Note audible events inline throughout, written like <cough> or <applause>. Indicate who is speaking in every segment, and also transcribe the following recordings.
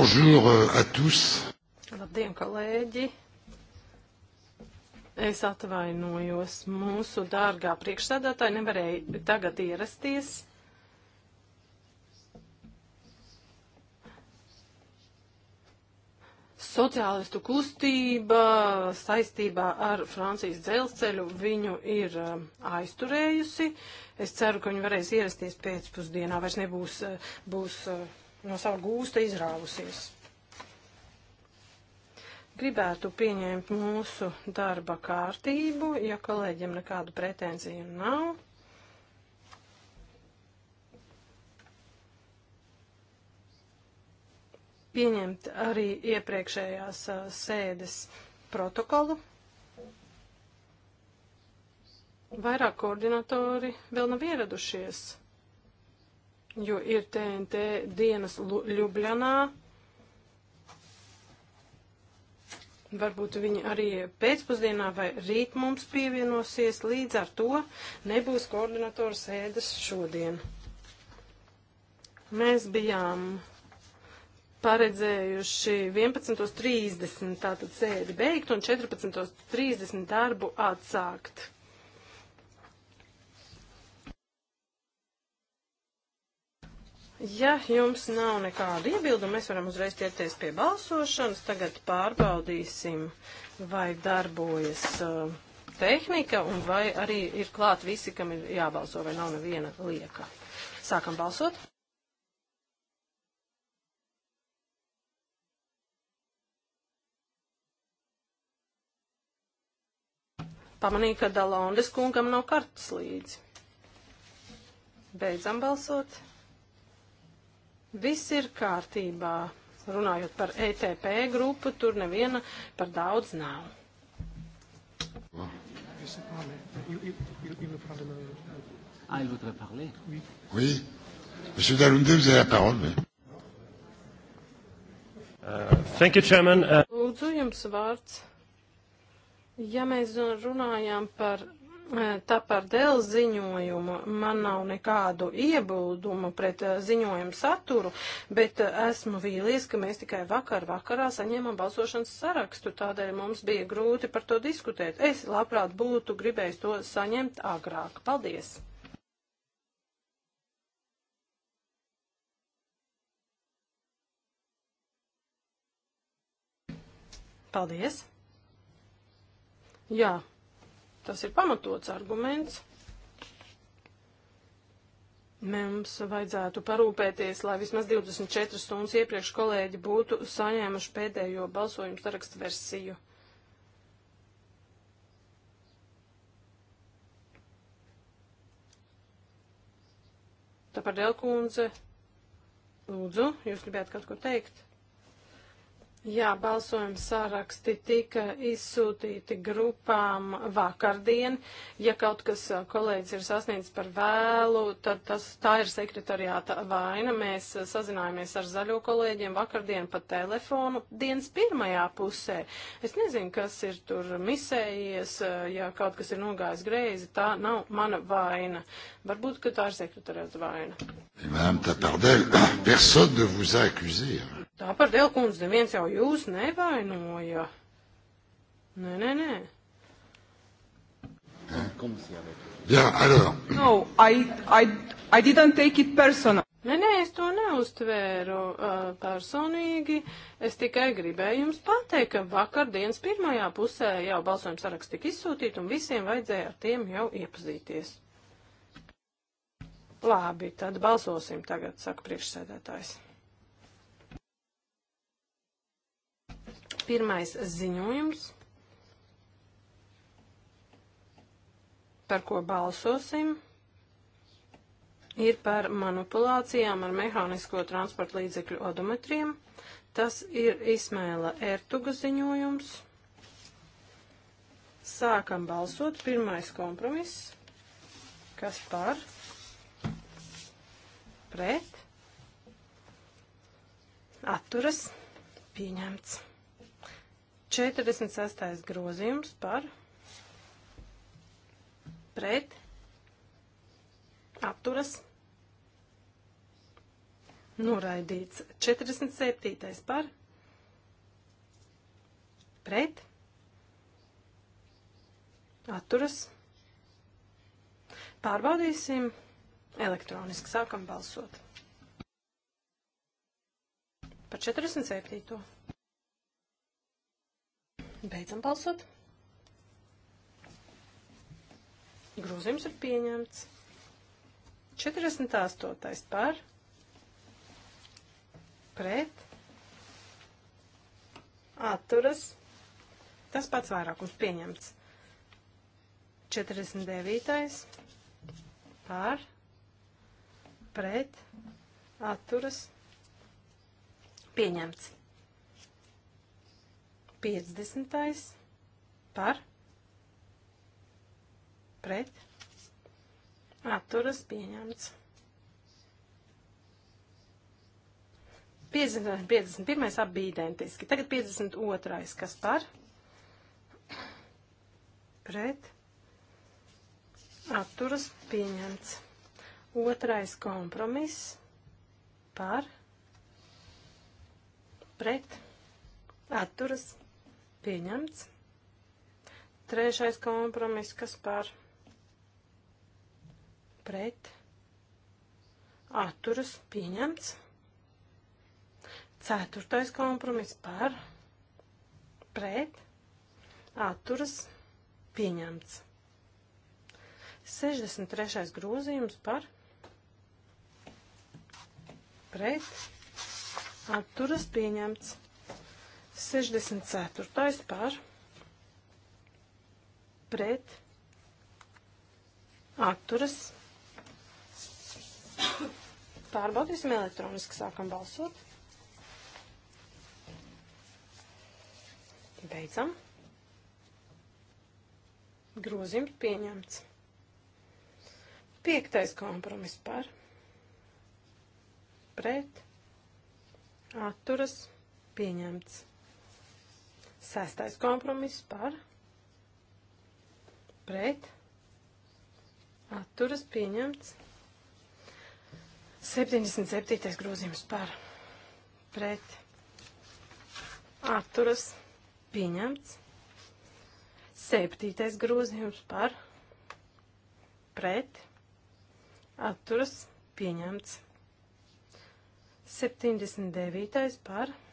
Speaker 1: Bonjour euh, à tous.
Speaker 2: Labdien, kolēģi! Es atvainojos. Mūsu dārgā priekšsēdētāja nevarēja tagad ierasties. Sociālistu kustība saistībā ar Francijas dzelzceļu viņu ir uh, aizturējusi. Es ceru, ka viņi varēs ierasties pēcpusdienā. Vairs nebūs uh, būs, uh, no sava gūsta izrāvusies. Gribētu pieņemt mūsu darba kārtību, ja kolēģiem nekādu pretenziju nav. Pieņemt arī iepriekšējās sēdes protokolu. Vairāk koordinatori vēl nav ieradušies jo ir TNT dienas Ljubljanā. Varbūt viņi arī pēcpusdienā vai rīt mums pievienosies, līdz ar to nebūs koordinatora sēdes šodien. Mēs bijām paredzējuši 11.30 tātad sēdi beigt un 14.30 darbu atsākt. Ja jums nav nekādu iebildumu, mēs varam uzreiz ķerties pie balsošanas. Tagad pārbaudīsim, vai darbojas uh, tehnika un vai arī ir klāt visi, kam ir jābalso, vai nav neviena lieka. Sākam balsot. Pamanīju, ka Dalondes kungam nav kartas līdzi. Beidzam balsot. Viss ir kārtībā. Runājot par ETP grupu, tur neviena par daudz nav.
Speaker 3: Ah, il
Speaker 1: voudrait parler Oui. Oui. Monsieur Dalunde, vous avez la parole. Mais... Uh, thank you, Chairman. Uh...
Speaker 2: Lūdzu, jums vārds. Ja mēs runājām par Eh, tā par dēļ ziņojumu man nav nekādu iebildumu pret eh, ziņojumu saturu, bet eh, esmu vīlies, ka mēs tikai vakar vakarā saņēmām balsošanas sarakstu, tādēļ mums bija grūti par to diskutēt. Es labprāt būtu gribējis to saņemt agrāk. Paldies! Paldies! Jā, Tas ir pamatots arguments. Mums vajadzētu parūpēties, lai vismaz 24 stundas iepriekš kolēģi būtu saņēmuši pēdējo balsojumu sarakstu versiju. Tāpēc Delkundze, lūdzu, jūs gribētu kaut ko teikt? Jā, balsojuma saraksti tika izsūtīti grupām vakardien. Ja kaut kas kolēģis ir sasniedzis par vēlu, tad tas, tā ir sekretariāta vaina. Mēs sazinājāmies ar zaļo kolēģiem vakardien pa telefonu dienas pirmajā pusē. Es nezinu, kas ir tur misējies, ja kaut kas ir nogājis greizi, tā nav mana vaina. Varbūt, ka tā ir sekretariāta vaina.
Speaker 1: Madame eh Tapardel, <coughs> personne ne vous a accusé. Hein?
Speaker 2: Tā par Delkundz neviens jau jūs nevainoja. Nē, nē, nē.
Speaker 1: Jā, alors.
Speaker 2: No,
Speaker 4: I, I, I didn't take it personal.
Speaker 2: Nē, nē, es to neuztvēru uh, personīgi. Es tikai gribēju jums pateikt, ka vakardienas pirmajā pusē jau balsojums saraksts tika izsūtīt un visiem vajadzēja ar tiem jau iepazīties. Labi, tad balsosim tagad, saka priekšsēdētājs. Pirmais ziņojums, par ko balsosim, ir par manipulācijām ar mehānisko transporta līdzekļu odometriem. Tas ir Ismēla Ertuga ziņojums. Sākam balsot. Pirmais kompromiss. Kas par? Pret. Atturas. Pieņemts. 46. grozījums par pret atturas noraidīts. 47. par pret atturas pārbaudīsim elektroniski. Sākam balsot. Par 47. Beidzam balsot. Grozījums ir pieņemts. 48. par pret atturas. Tas pats vairākums pieņemts. 49. par pret atturas pieņemts. 50. par pret atturas pieņemts. 50 un 51 abi identiski. Tagad 52. kas par pret atturas pieņemts. Otrais kompromiss par pret atturas pieņemts Pieņemts. Trešais kompromiss, kas par pret atturas pieņemts. Ceturtais kompromiss par pret atturas pieņemts. 63. grozījums par pret atturas pieņemts. 64. par pret atturas. Pārbaudīsim elektroniski, sākam balsot. Beidzam. Grozījums pieņemts. Piektais kompromis par pret atturas pieņemts. Sestais kompromiss par pret atturas pieņemts. 77. grozījums par pret atturas pieņemts. 7. grozījums par pret atturas pieņemts. 79. par pret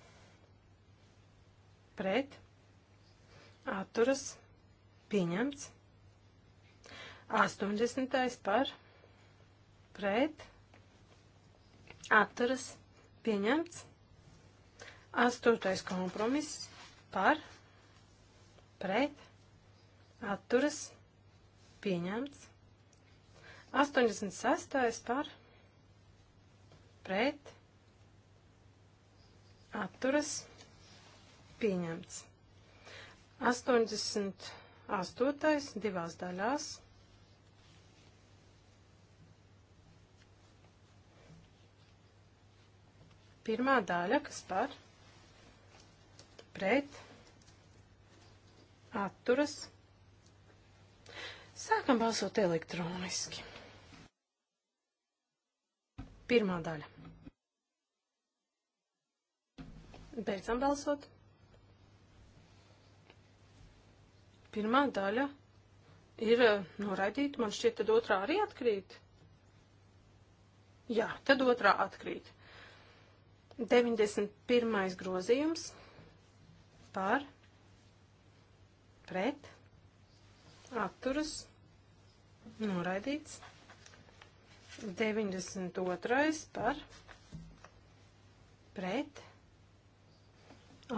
Speaker 2: pret, atturas, pieņemts. 80. par, pret, atturas, pieņemts. 8. kompromiss par, pret, atturas, pieņemts. 86. par, pret, atturas, pieņemts pieņemts. 88. divās daļās. Pirmā daļa, kas par pret atturas. Sākam balsot elektroniski. Pirmā daļa. Beidzam balsot. Pirmā daļa ir eh, noraidīta, man šķiet, tad otrā arī atkrīt. Jā, tad otrā atkrīt. 91. grozījums par pret atturas noraidīts. 92. par pret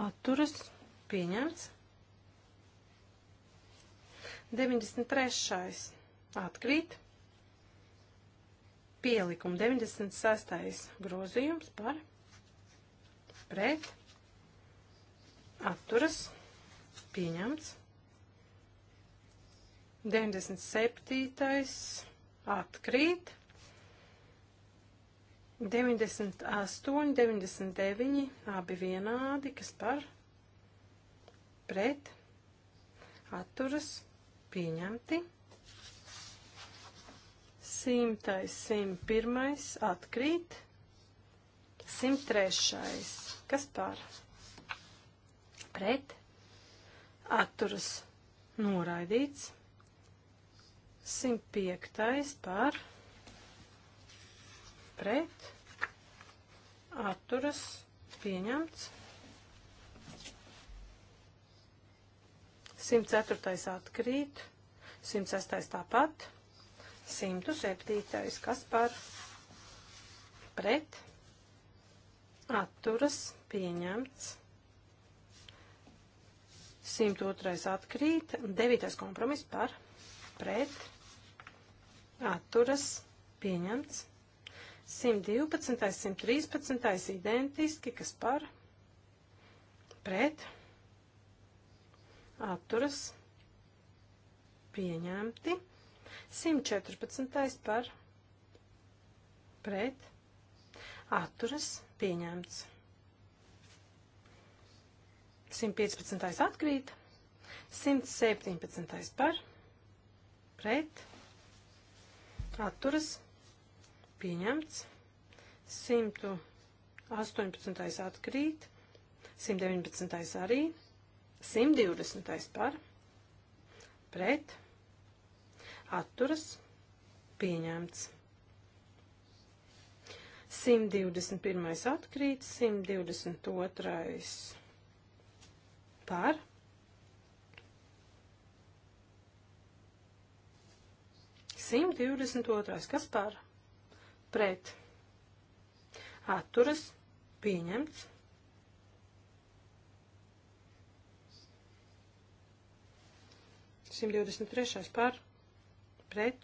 Speaker 2: atturas pieņemts. 93. atkrīt. Pielikuma 96. grozījums par pret atturas pieņemts. 97. atkrīt. 98, 99, abi vienādi, kas par pret atturas pieņemts pieņemti. 100, 101 atkrīt. 103. Kas par? Pret. Atturas noraidīts. 105. par. Pret. Atturas pieņemts. 104. atkrīt, 106. tāpat, 107. kas par pret atturas pieņemts. 102. atkrīt, 9. kompromiss par pret atturas pieņemts. 112. 113. identiski, kas par pret atturas pieņemts atturas pieņemti. 114. par pret atturas pieņemts. 115. atkrīt, 117. par pret atturas pieņemts. 118. atkrīt, 119. arī pieņemts. 120. par pret atturas pieņemts. 121. atkrīt, 122. par. Simt divdesmit otrais, kas par? Pret. Atturas. Pieņemts. 123. par pret.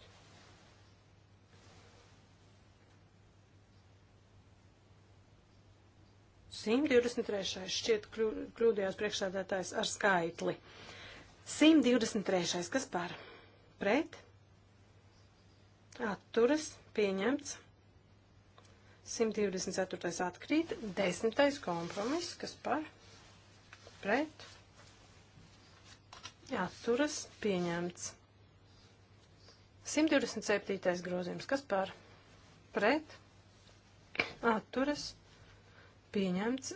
Speaker 2: Simt divdesmit trešais šķiet kļūdījās priekšsēdētājs ar skaitli. Simt divdesmit trešais, kas par? Pret? Atturas, pieņemts. 124. atkrīt, 10. kompromiss, kas par pret Atturas pieņemts. 127. grozījums. Kas par? Pret. Atturas pieņemts.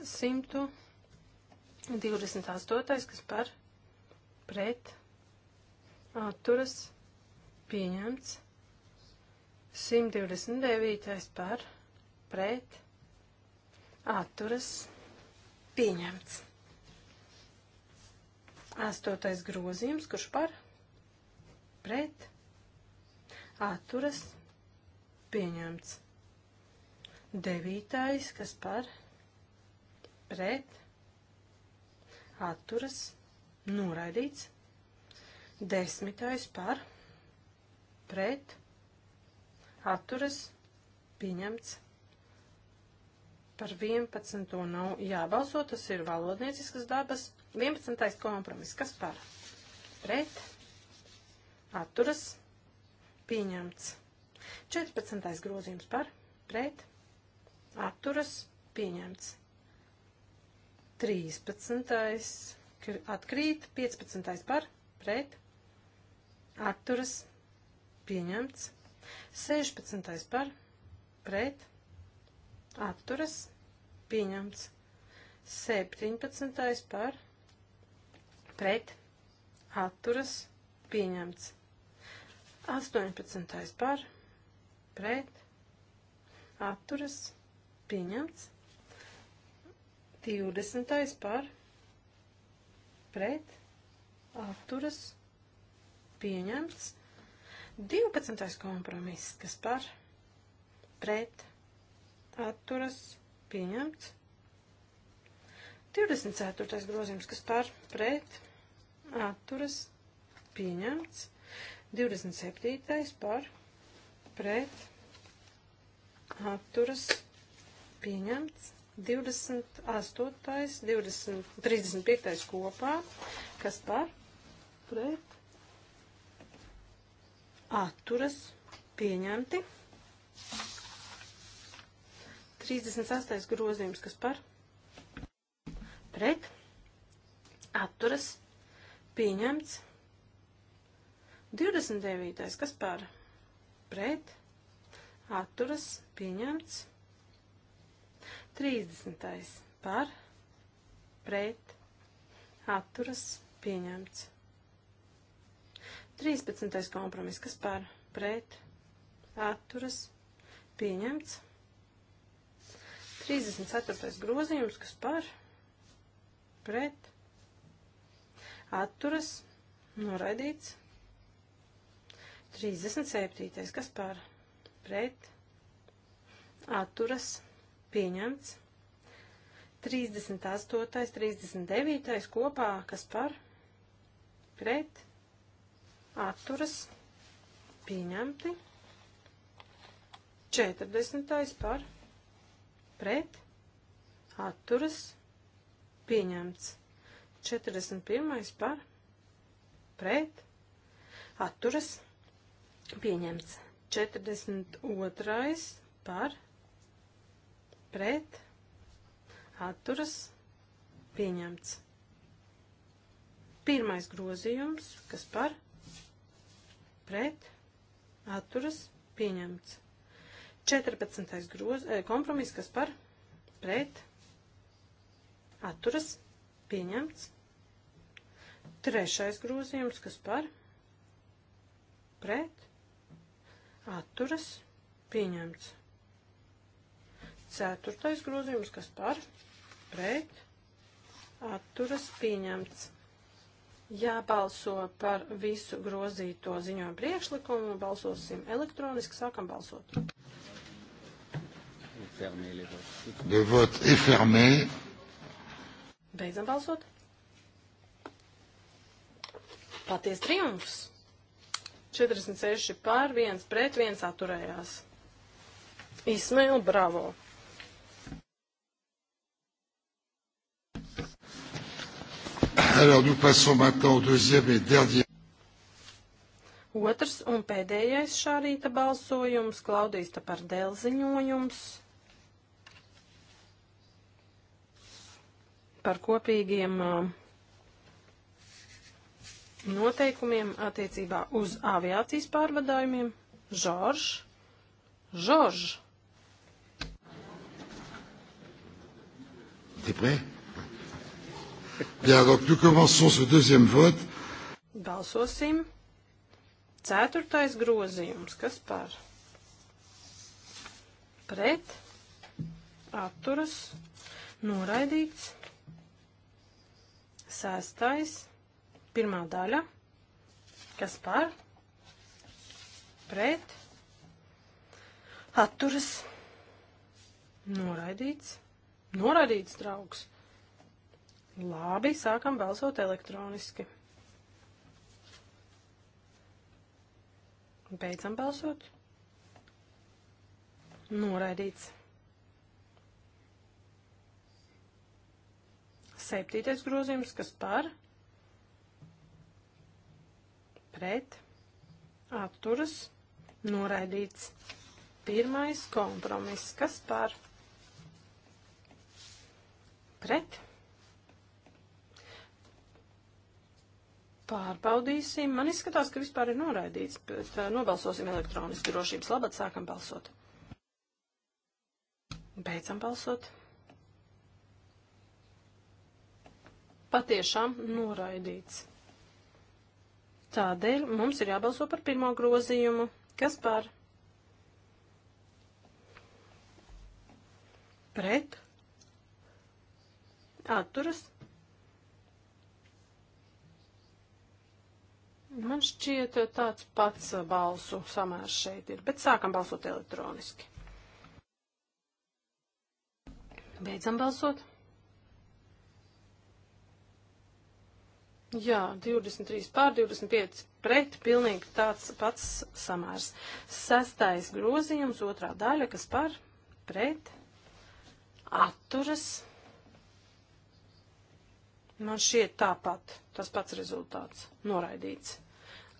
Speaker 2: 128. Kas par? Pret. Atturas pieņemts. 129. par pret atturas pieņemts. Astotais grozījums, kurš par pret atturas pieņemts. Devītais, kas par pret atturas noraidīts. Desmitais par pret atturas pieņemts. Par 11. nav jābalso, tas ir valodnieciskas dabas 11. kompromiss. Kas par? Pret. Atturas. Pieņemts. 14. grozījums par. Pret. Atturas. Pieņemts. 13. Atkrīt. 15. par. Pret. Atturas. Pieņemts. 16. par. Pret. Atturas. Pieņemts. 17. par. Pret pret atturas pieņemts. 18. par pret atturas pieņemts. 20. par pret atturas pieņemts. 12. kompromiss, kas par pret atturas pieņemts. 24. grozījums, kas par pret atturas pieņemts atturas pieņemts. 27. par pret atturas pieņemts. 28. 20, 35. kopā, kas par pret atturas pieņemti. 38. grozījums, kas par pret atturas pieņemti Pieņemts. 29. Kas par? Pret. Atturas. Pieņemts. 30. Par. Pret. Atturas. Pieņemts. 13. kompromiss. Kas par? Pret. Atturas. Pieņemts. 34. grozījums. Kas par? Pret atturas noraidīts. 37. kas par pret atturas pieņemts. 38. 39. kopā kas par pret atturas pieņemti. 40. par pret atturas pieņemts. 41. par pret atturas pieņemts. 42. par pret atturas pieņemts. Pirmais grozījums, kas par pret atturas pieņemts. 14. Groz, eh, kompromiss, kas par pret atturas pieņemts Pieņemts. Trešais grozījums, kas par? Pret. Atturas. Pieņemts. Ceturtais grozījums, kas par? Pret. Atturas. Pieņemts. Jābalso par visu grozīto ziņojumu priekšlikumu. Balsosim elektroniski. Sākam balsot.
Speaker 1: Le vote est fermé.
Speaker 2: Beidzam balsot. Paties triumfs. 46 pār, 1 pret, 1 atturējās. Ismail, bravo!
Speaker 1: Alors nous passons maintenant au deuxième et dernier.
Speaker 2: Otrs un pēdējais šā rīta balsojums, Klaudijas par dēlziņojums. par kopīgiem uh, noteikumiem attiecībā uz aviācijas pārvadājumiem. Žorž, Žorž.
Speaker 1: T'es prêt Bien, donc nous commençons ce deuxième vote.
Speaker 2: Balsosim. Ceturtais grozījums. Kas par? Pret. Atturas. Noraidīts. Sēstais, pirmā daļa, kas par, pret, atturas, noraidīts, noraidīts draugs. Labi, sākam balsot elektroniski. Beidzam balsot. Noraidīts. Septītais grozījums, kas par pret atturas noraidīts. Pirmais kompromiss, kas par pret pārbaudīsim. Man izskatās, ka vispār ir noraidīts, bet nobalsosim elektroniski drošības labad, sākam balsot. Beidzam balsot. patiešām noraidīts. Tādēļ mums ir jābalso par pirmo grozījumu. Kas par? Pret? Atturas? Man šķiet tāds pats balsu samērs šeit ir, bet sākam balsot elektroniski. Beidzam balsot. Jā, 23 pār 25 pret, pilnīgi tāds pats samērs. Sestais grozījums, otrā daļa, kas par pret, atturas. Man šķiet tāpat, tas pats rezultāts, noraidīts.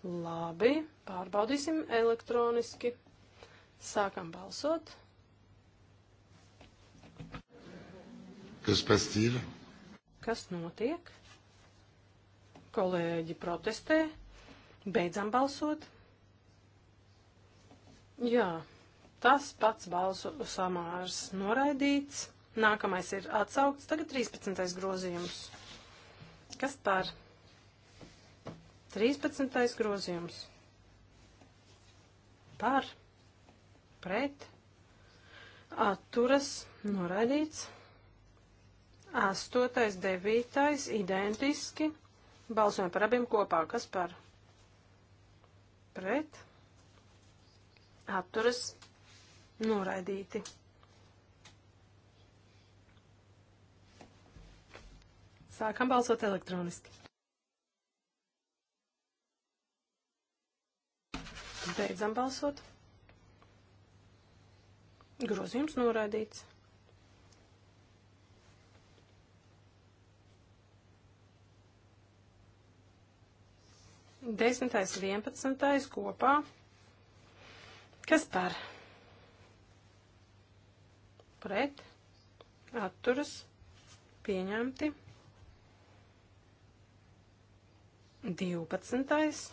Speaker 2: Labi, pārbaudīsim elektroniski. Sākam balsot.
Speaker 1: Kas pastīra?
Speaker 2: Kas notiek? Kolēģi protestē. Beidzam balsot. Jā, tas pats balsu samārs noraidīts. Nākamais ir atsaukts. Tagad 13. grozījums. Kas par? 13. grozījums. Par, pret, atturas, noraidīts. 8. 9. identiski. Balsojam par abiem kopā. Kas par? Pret. Atturas. Noraidīti. Sākam balsot elektroniski. Beidzam balsot. Grozījums noraidīts. 10. 11. kopā. Kas par? Pret. Atturas. Pieņemti. 12.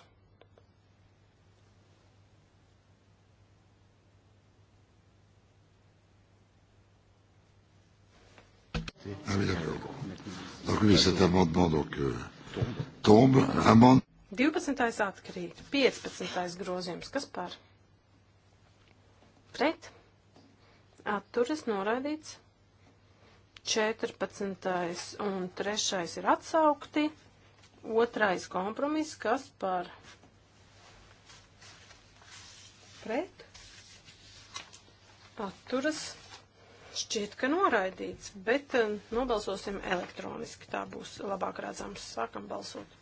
Speaker 1: Ah oui, d'accord. Donc oui, cet amendement donc, euh, tombe. Amende
Speaker 2: 12. atkrīt, 15. grozījums, kas par? Pret, atturas noraidīts, 14. un 3. ir atsaukti, 2. kompromiss, kas par? Pret, atturas šķiet, ka noraidīts, bet eh, nobalsosim elektroniski, tā būs labāk redzams, sākam balsot.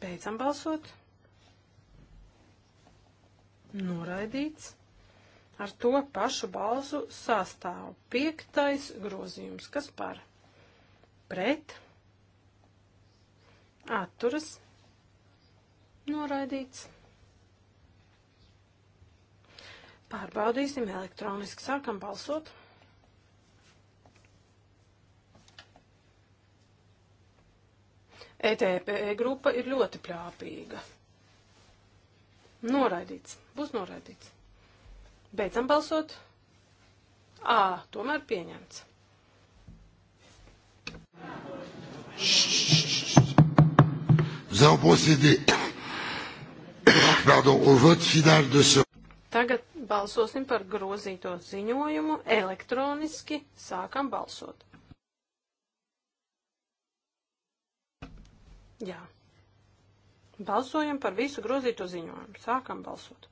Speaker 2: Beidzam balsot. Noraidīts. Ar to pašu balsu sastāv piektais grozījums, kas par pret atturas noraidīts. Pārbaudīsim elektroniski, sākam balsot. ETP grupa ir ļoti plāpīga. Noraidīts. Būs noraidīts. Beidzam balsot. Ā, tomēr pieņemts. Tagad balsosim par grozīto ziņojumu elektroniski. Sākam balsot. Jā. Balsojam par visu grozīto ziņojumu. Sākam balsot.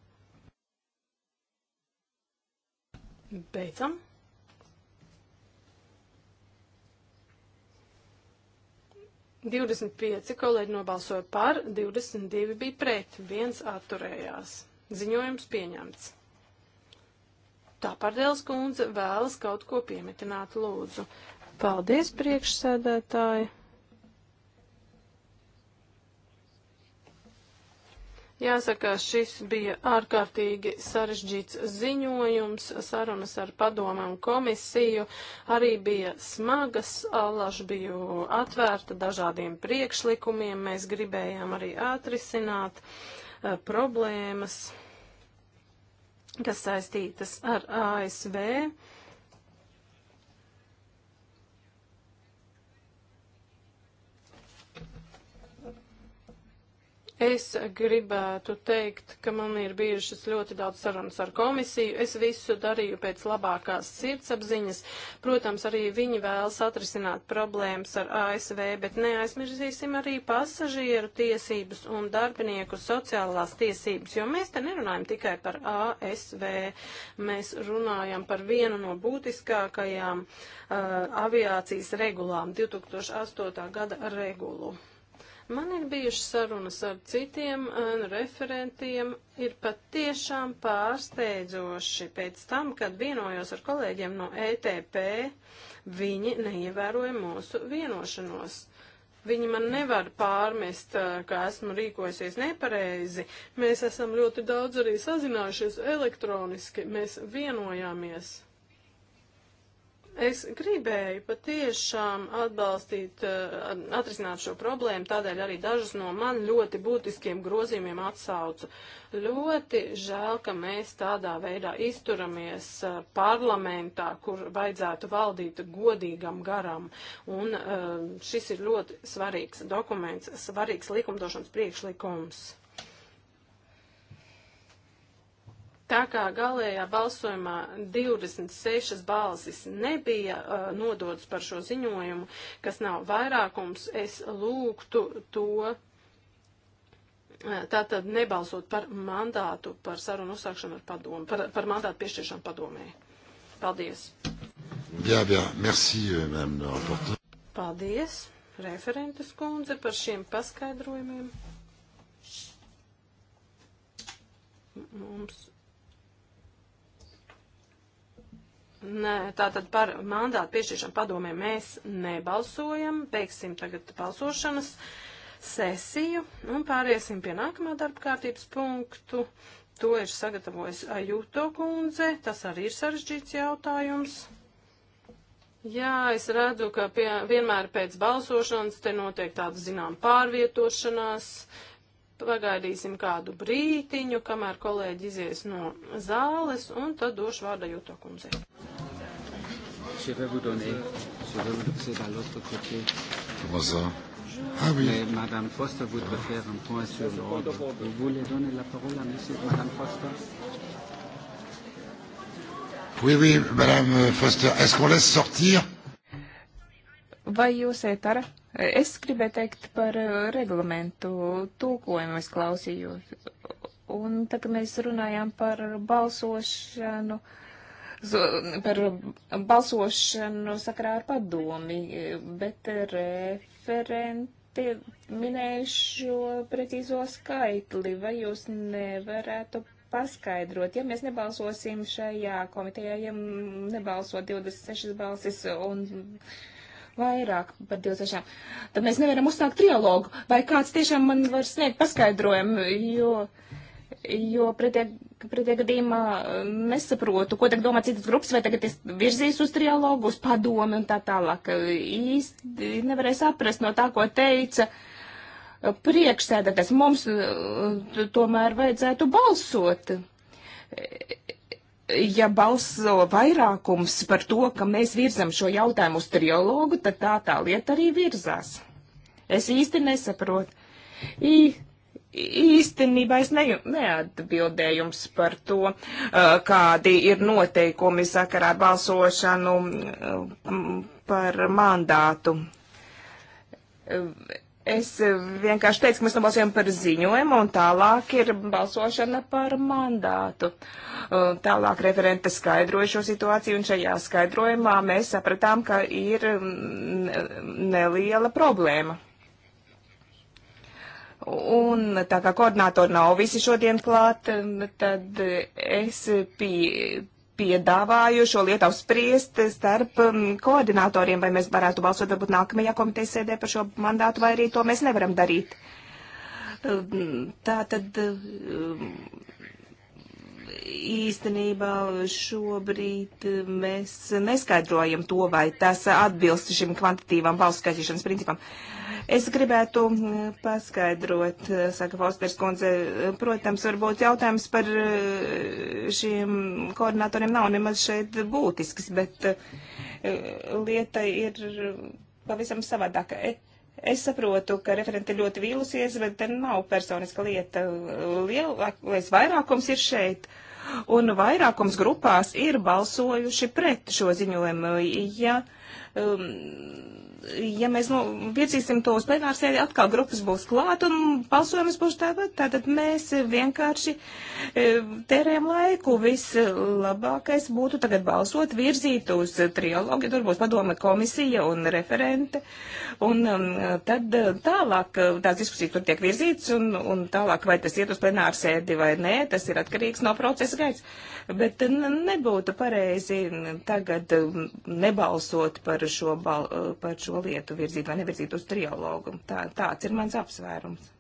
Speaker 2: Beidzam. Divdesmit pieci kolēģi nobalsoja par, divdesmit divi bija pret, viens atturējās. Ziņojums pieņemts. Tā pārdēls kundze vēlas kaut ko piemetināt lūdzu. Paldies, priekšsēdētāji! Jāsaka, šis bija ārkārtīgi sarežģīts ziņojums. Sarunas ar padomu un komisiju arī bija smagas. Allaž biju atvērta dažādiem priekšlikumiem. Mēs gribējām arī atrisināt uh, problēmas, kas saistītas ar ASV. Uh, Es gribētu teikt, ka man ir bijušas ļoti daudz sarunas ar komisiju. Es visu darīju pēc labākās sirdsapziņas. Protams, arī viņi vēlas atrisināt problēmas ar ASV, bet neaizmirsīsim arī pasažieru tiesības un darbinieku sociālās tiesības, jo mēs te nerunājam tikai par ASV. Mēs runājam par vienu no būtiskākajām uh, aviācijas regulām - 2008. gada regulu. Man ir bijušas sarunas ar citiem referentiem. Ir pat tiešām pārsteidzoši pēc tam, kad vienojos ar kolēģiem no ETP, viņi neievēroja mūsu vienošanos. Viņi man nevar pārmest, eh, ka esmu rīkojusies nepareizi. Mēs esam ļoti daudz arī sazinājušies elektroniski, mēs vienojāmies. Es gribēju patiešām atbalstīt, eh, atrisināt šo problēmu, tādēļ arī dažus no man ļoti būtiskiem grozījumiem atsaucu. Ļoti žēl, ka mēs tādā veidā izturamies eh, parlamentā, kur vajadzētu valdīt godīgam garam. Un eh, šis ir ļoti svarīgs dokuments, svarīgs likumdošanas priekšlikums. Tā kā galējā balsojumā 26 balsis nebija uh, nodots par šo ziņojumu, kas nav vairākums, es lūgtu to. Uh, tātad nebalsot par mandātu, par sarunu uzsākšanu ar padomu, par, par mandātu piešķiršanu padomē. Paldies.
Speaker 1: Jā, jā, merci, euh, madame la rapporteure.
Speaker 2: Paldies, referentes kundze, par šiem paskaidrojumiem. Mums Nē, tātad par mandātu piešķiršanu padomē mēs nebalsojam. Beigsim tagad balsošanas sesiju un pāriesim pie nākamā darba kārtības punktu. To ir sagatavojis Ajūto kundze. Tas arī ir sarežģīts jautājums. Jā, es redzu, ka pie, vienmēr pēc balsošanas te notiek tāda, zinām, pārvietošanās. Uh, pagaidīsim kādu brītiņu, kamēr kolēģi izies no zāles, un tad došu vārdu Jūto kundzei.
Speaker 1: Ah oui.
Speaker 3: Mais Madame Foster voudrait faire un point sur l'ordre. Vous voulez donner la parole à Monsieur, Madame Foster
Speaker 1: Oui, oui, Madame Foster. Est-ce qu'on laisse sortir
Speaker 4: Vai jūs ejat ar? Es gribēju teikt par uh, reglamentu tūkojumu, es klausījos. Un tad mēs runājām par balsošanu, par balsošanu sakarā ar padomi, bet referenti minēju šo precīzo skaitli, vai jūs nevarētu paskaidrot, ja mēs nebalsosim šajā komitejā, ja nebalso 26 balsis un vairāk par 26. Tad mēs nevaram uzsākt trialogu, vai kāds tiešām man var sniegt paskaidrojumu, jo, jo pretie, pretie gadījumā uh, nesaprotu, ko tagad domā citas grupas, vai tagad es virzīs uz trialogu, uz padomi un tā tālāk. Īsti nevarēju saprast no tā, ko teica. Uh, priekšsēdētājs mums uh, tomēr vajadzētu balsot ja balso vairākums par to, ka mēs virzam šo jautājumu uz triologu, tad tā tā lieta arī virzās. Es īsti nesaprotu. I, īstenībā es ne, neatbildēju jums par to, uh, kādi ir noteikumi sakarā ar balsošanu uh, par mandātu uh, Es eh, vienkārši teicu, ka mēs nobalsojam par ziņojumu, un tālāk ir balsošana par mandātu. Eh, tālāk referente skaidroja šo situāciju, un šajā skaidrojumā mēs sapratām, ka ir mm, neliela problēma. Un tā kā koordinātori nav visi šodien klāt, eh, tad es pie, piedāvāju šo lietu apspriest starp um, koordinatoriem, vai mēs varētu balsot varbūt nākamajā komitejas sēdē par šo mandātu, vai arī to mēs nevaram darīt. Um, tā tad um, īstenībā šobrīd mēs neskaidrojam to, vai tas atbilst šim kvantitīvam balsu skaitīšanas principam. Uh, Es gribētu paskaidrot, e, saka Fausters kundze, e, protams, varbūt jautājums par e, šiem koordinatoriem nav nemaz šeit būtisks, bet lieta ir pavisam savādāka. Es saprotu, ka referente ļoti vīlusies, bet te nav personiska lieta. Lielākais vairākums ir šeit. Un vairākums grupās ir balsojuši pret šo ziņojumu. Ja, um, ja mēs nu, virzīsim to uz plenāru sēdi, atkal grupas būs klāt un balsojums būs tāpat. Tātad mēs vienkārši e, tērējam laiku. Vislabākais būtu tagad balsot, virzīt uz trialogu, ja tur būs padome komisija un referente. Un um, tad uh, tālāk uh, tās diskusijas tur tiek virzītas un, un tālāk vai tas iet uz plenāru sēdi vai nē, tas ir atkarīgs no procesa gaits. Bet uh, nebūtu pareizi tagad um, nebalsot par šo, bal, par šo šo lietu virzīt vai nevirzīt uz trialogu. Tā, tāds ir mans apsvērums.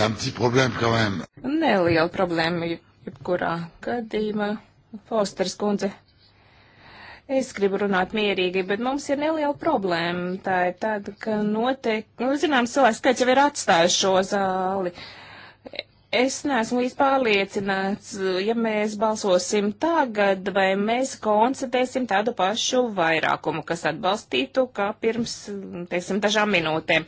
Speaker 1: Neliela
Speaker 4: problēma, jebkurā gadījumā. Fosters kundze, es gribu runāt mierīgi, bet mums ir neliela problēma. Tā ir tāda, ka noteikti, nu, zināms, cilvēks skaits jau ir atstājis šo zāli. Uh, Es neesmu līdz pārliecināts, ja mēs balsosim tagad, vai mēs konstatēsim tādu pašu vairākumu, kas atbalstītu, kā pirms, teiksim, dažām minūtēm.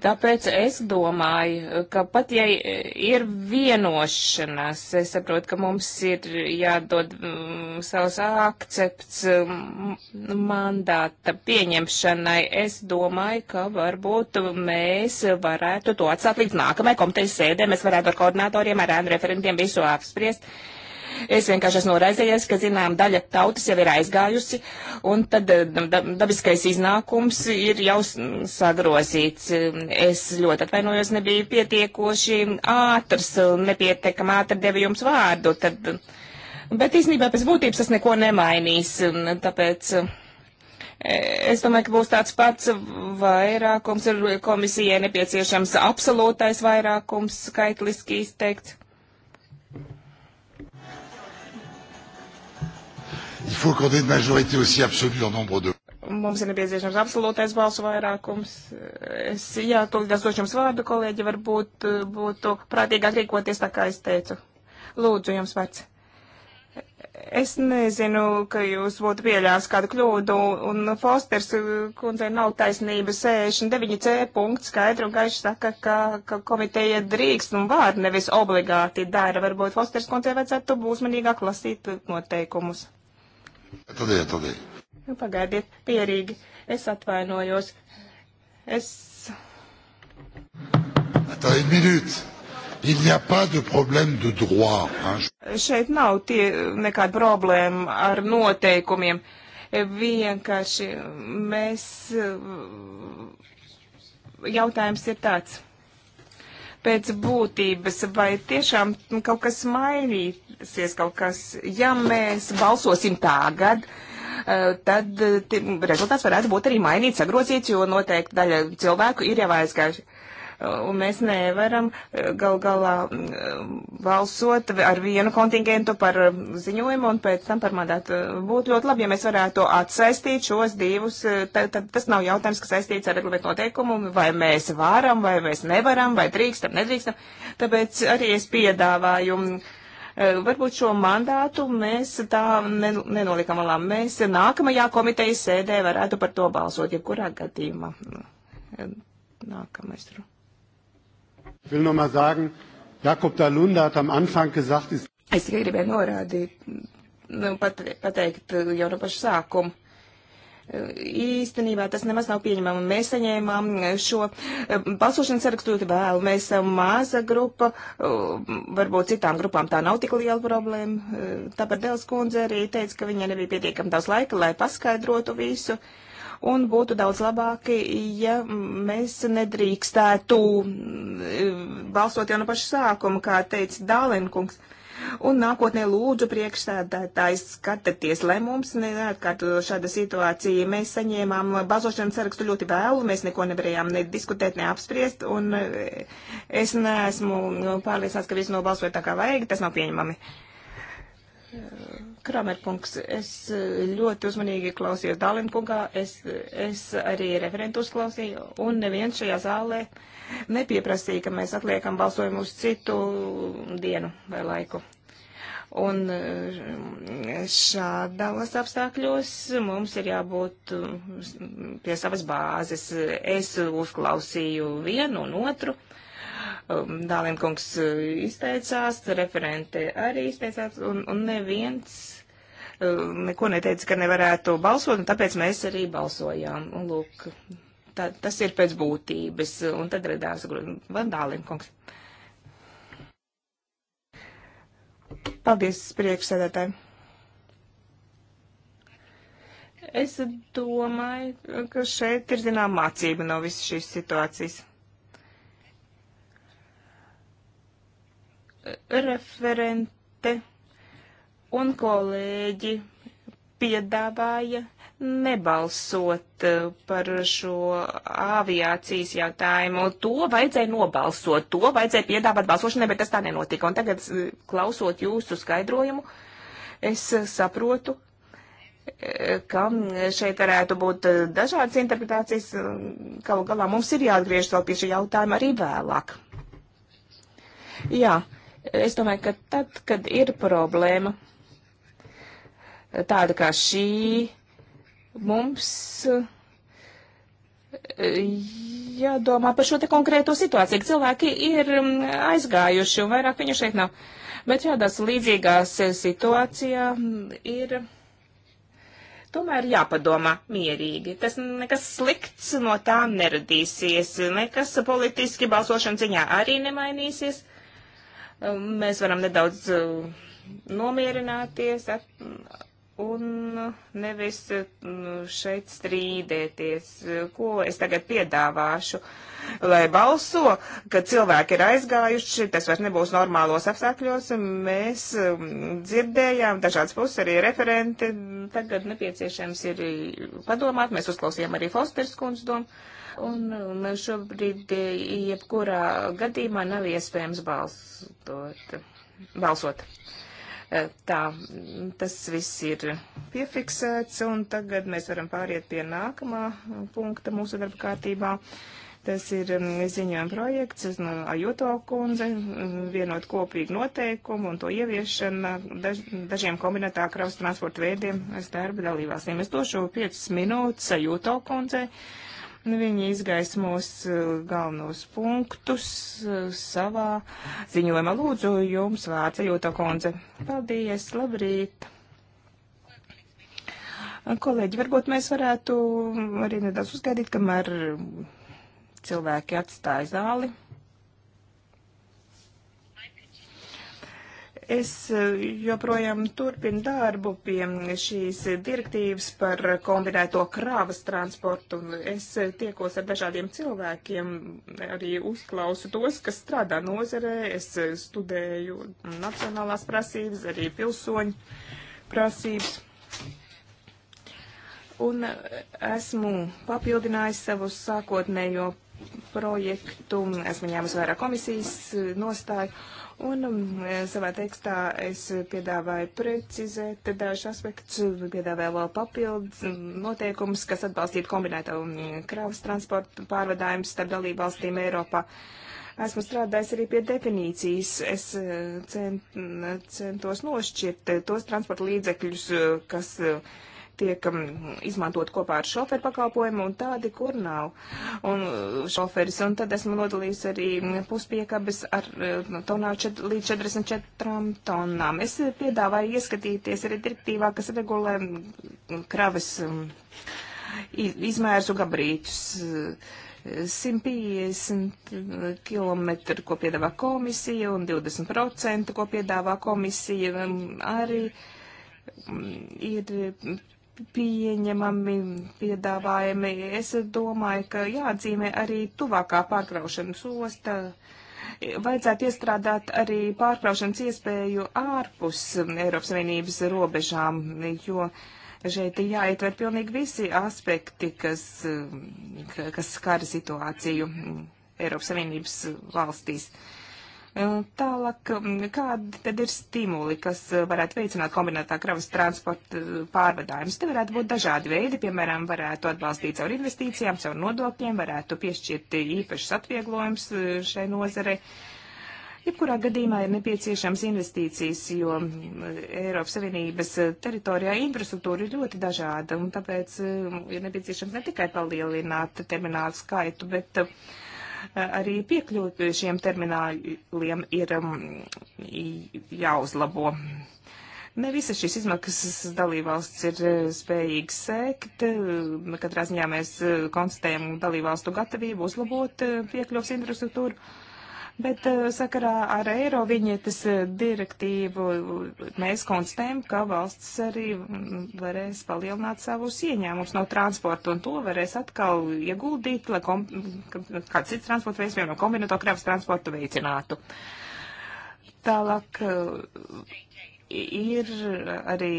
Speaker 4: Tāpēc es domāju, ka pat ja ir vienošanās, es saprotu, ka mums ir jādod mm, savs akcepts mm, mandāta pieņemšanai, es domāju, ka varbūt mēs varētu to atstāt līdz nākamajai komitejas sēdē, mēs varētu ar ko koordinatoriem, ar ēnu referentiem visu apspriest. Es vienkārši esmu noraizējies, ka, zinām, daļa tautas jau ir aizgājusi, un tad eh, dabiskais iznākums ir jau sagrozīts. Es ļoti atvainojos, nebija pietiekoši ātrs, nepietiekam ātri devu jums vārdu, tad, bet īstenībā pēc būtības tas neko nemainīs, tāpēc. Es domāju, ka būs tāds pats vairākums, ir komisijai nepieciešams absolūtais vairākums, skaitliski izteikts.
Speaker 1: Il faut qu'on ait une majorité aussi absolue en nombre de.
Speaker 4: Mums ir nepieciešams absolūtais balsu vairākums. Es, jā, tūlīt es došu jums vārdu, kolēģi, varbūt eh, būtu prātīgāk rīkoties tā, kā es teicu. Lūdzu, jums vārds. Es nezinu, ka jūs būtu pieļāvis kādu kļūdu, un Fosters uh, kundzei nav taisnība 69c punkts skaidri un gaiši saka, ka, ka komiteja drīkst un var nevis obligāti dara. Varbūt Fosters kundzei vajadzētu uzmanīgāk lasīt noteikumus.
Speaker 1: Tādēļ, tādēļ.
Speaker 4: Nu, pagaidiet, pierīgi. Es atvainojos. Es.
Speaker 1: Tā ir minūte. Il n'y a pas de problème de droit. Hein.
Speaker 4: Šeit nav tie nekāda problēma ar noteikumiem. Vienkārši mēs. Jautājums ir tāds. Pēc būtības, vai tiešām kaut kas mainīsies, kaut kas, ja mēs balsosim tagad, eh, tad eh, rezultāts varētu būt arī mainīts, sagrozīts, jo noteikti daļa cilvēku ir jau aizgājuši un mēs nevaram eh, gal galā mm, balsot ar vienu kontingentu par eh, ziņojumu un pēc tam par mandātu. Būtu ļoti labi, ja mēs varētu atsaistīt šos divus, eh, tad, tad tas nav jautājums, kas saistīts ar reglamentu noteikumu, vai mēs varam, vai mēs nevaram, vai drīkstam, nedrīkstam. Tāpēc arī es piedāvāju mm, varbūt šo mandātu mēs tā nenolikam malā. Mēs nākamajā komitejas sēdē varētu par to balsot, jebkurā gadījumā. Mm,
Speaker 1: nākamais. Ru. Es tikai gribēju
Speaker 4: norādīt, nu, pat, pateikt eh, jau no paša sākuma. Eh, īstenībā tas nemaz nav pieņemami. Mēs saņēmām eh, šo balsošanas sarakstu ļoti vēlu. Mēs esam maza grupa, varbūt citām grupām tā nav tik liela problēma. Tāpēc Dēls kundze arī teica, ka viņa nebija pietiekami daudz laika, lai paskaidrotu visu. Uh, un būtu daudz labāki, ja mēs nedrīkstētu mm, balsot jau no paša sākuma, kā teica Dālenkungs. Un nākotnē lūdzu priekšsēdētājs skatieties, lai mums neatkārto šāda situācija. Mēs saņēmām bazošanas sarakstu ļoti vēlu, mēs neko nevarējām ne diskutēt, ne apspriest, un eh, es neesmu pārliecināts, ka visi nobalsoja tā kā vajag, tas nav pieņemami. Uh, Kramerkungs, es eh, ļoti uzmanīgi klausījos Dālinkungā, es, es arī referentu uzklausīju, un neviens šajā zālē nepieprasīja, ka mēs atliekam balsojumu uz citu dienu vai laiku. Un eh, šādos apstākļos mums ir jābūt mm, pie savas bāzes. Es uzklausīju vienu un otru. Uh, Um, Dālienkungs uh, izteicās, referente arī izteicās, un, un neviens uh, neko neteica, ka nevarētu balsot, un tāpēc mēs arī balsojām. Un, lūk, tā, tas ir pēc būtības, un tad redās Dālienkungs. Paldies, priekšsēdētāji! Es domāju, ka šeit ir zināma mācība no visas šīs situācijas. referente un kolēģi piedāvāja nebalsot eh, par šo aviācijas jautājumu. To vajadzēja nobalsot, to vajadzēja piedāvāt balsošanai, bet tas tā nenotika. Un tagad, eh, klausot jūsu skaidrojumu, es eh, saprotu, ka šeit varētu būt dažādas interpretācijas. Galu galā mums ir jāatgriežas vēl pie šī jautājuma arī vēlāk. Jā. Yeah Es domāju, ka tad, kad ir problēma tāda kā šī, mums eh, jādomā par šo te konkrēto situāciju, ka cilvēki ir mm, aizgājuši un vairāk viņu šeit nav. Bet šādās līdzīgās eh, situācijā ir tomēr jāpadomā mierīgi. Tas nekas slikts no tā neradīsies, nekas politiski balsošanas ziņā arī nemainīsies. Uh, Um, mēs varam nedaudz uh, nomierināties un nevis uh, šeit strīdēties. Ko es tagad piedāvāšu? Lai balso, kad cilvēki ir aizgājuši, tas vairs nebūs normālos apstākļos. Mēs um, dzirdējām dažādas puses, arī referenti. Tagad nepieciešams ir padomāt. Mēs uzklausījām arī Fosters kundz domu un šobrīd eh, jebkurā gadījumā nav iespējams balsot. balsot. Eh, tā, tas viss ir piefiksēts, un tagad mēs varam pāriet pie nākamā punkta mūsu darba kārtībā. Tas ir mm, ziņojuma projekts no Ajuto kundze, mm, vienot kopīgu noteikumu un to ieviešana daž, dažiem kombinētā kravas transporta veidiem es darba dalībvalstīm. Es došu 5 minūtes Ajuto kundzei, Nu, viņi izgaismos uh, galvenos punktus uh, savā ziņojumā. Lūdzu, jums vārds Jūta Konze. Paldies, labrīt! Kolēģi, varbūt mēs varētu arī nedaudz uzgaidīt, kamēr cilvēki atstāja zāli. Es eh, joprojām turpinu darbu pie šīs direktīvas par kombinēto krāvas transportu. Es eh, tiekos ar dažādiem cilvēkiem, arī uzklausu tos, kas strādā nozarē. Es eh, studēju nacionālās prasības, arī pilsoņu prasības. Un esmu papildinājis savu sākotnējo projektu, esmu ņēmusi vairāk komisijas nostāju Un um, savā tekstā es piedāvāju precizēt dažus aspektus, piedāvāju vēl papildus um, noteikumus, kas atbalstītu kombinēto um, kravas transportu pārvadājumus starp dalību valstīm Eiropā. Esmu strādājis arī pie definīcijas. Es uh, cent, uh, centos nošķirt tos transporta līdzekļus, uh, kas uh, tiek um, izmantot kopā ar šoferu pakalpojumu un tādi, kur nav un uh, šoferis. Un tad esmu nodalījis arī puspiekabes ar uh, tonāru čet, līdz 44 tonām. Es piedāvāju ieskatīties arī direktīvā, kas regulē um, kravas um, izmērs un gabrītus. 150 uh, km, ko piedāvā komisija, un 20%, ko piedāvā komisija, arī ir pieņemami, piedāvājami. Es domāju, ka jāatzīmē arī tuvākā pārkraušanas osta. Vajadzētu iestrādāt arī pārkraušanas iespēju ārpus Eiropas Savienības robežām, jo šeit ir jāietver pilnīgi visi aspekti, kas, kas skara situāciju Eiropas Savienības valstīs. Uh, Eh, tālāk, mm, kādi tad ir stimuli, kas eh, varētu veicināt kombinētā kravas transporta eh, pārvadājumus? Te varētu būt dažādi veidi, piemēram, varētu atbalstīt caur investīcijām, caur nodokļiem, varētu piešķirt īpašas atvieglojumus šai nozarei. Jebkurā gadījumā ir nepieciešams investīcijas, jo mm, Eiropas Savienības teritorijā infrastruktūra ir ļoti dažāda, un tāpēc ir nepieciešams ne tikai palielināt terminālu skaitu, bet uh, arī piekļūt šiem termināliem ir mm, jāuzlabo. Ne visas šīs izmaksas dalībvalsts ir eh, spējīgas sekt. Mm, katrā ziņā mēs eh, konstatējam dalībvalstu gatavību uzlabot eh, piekļuvas infrastruktūru. Bet eh, sakarā ar eiro viņietas eh, direktīvu mēs konstatējam, ka valsts arī mm, varēs palielināt savus ieņēmumus no transporta, un to varēs atkal ieguldīt, lai kom, kāds cits transporta veids, piemēram, kombinēto kravas transportu veicinātu. Tālāk eh, ir arī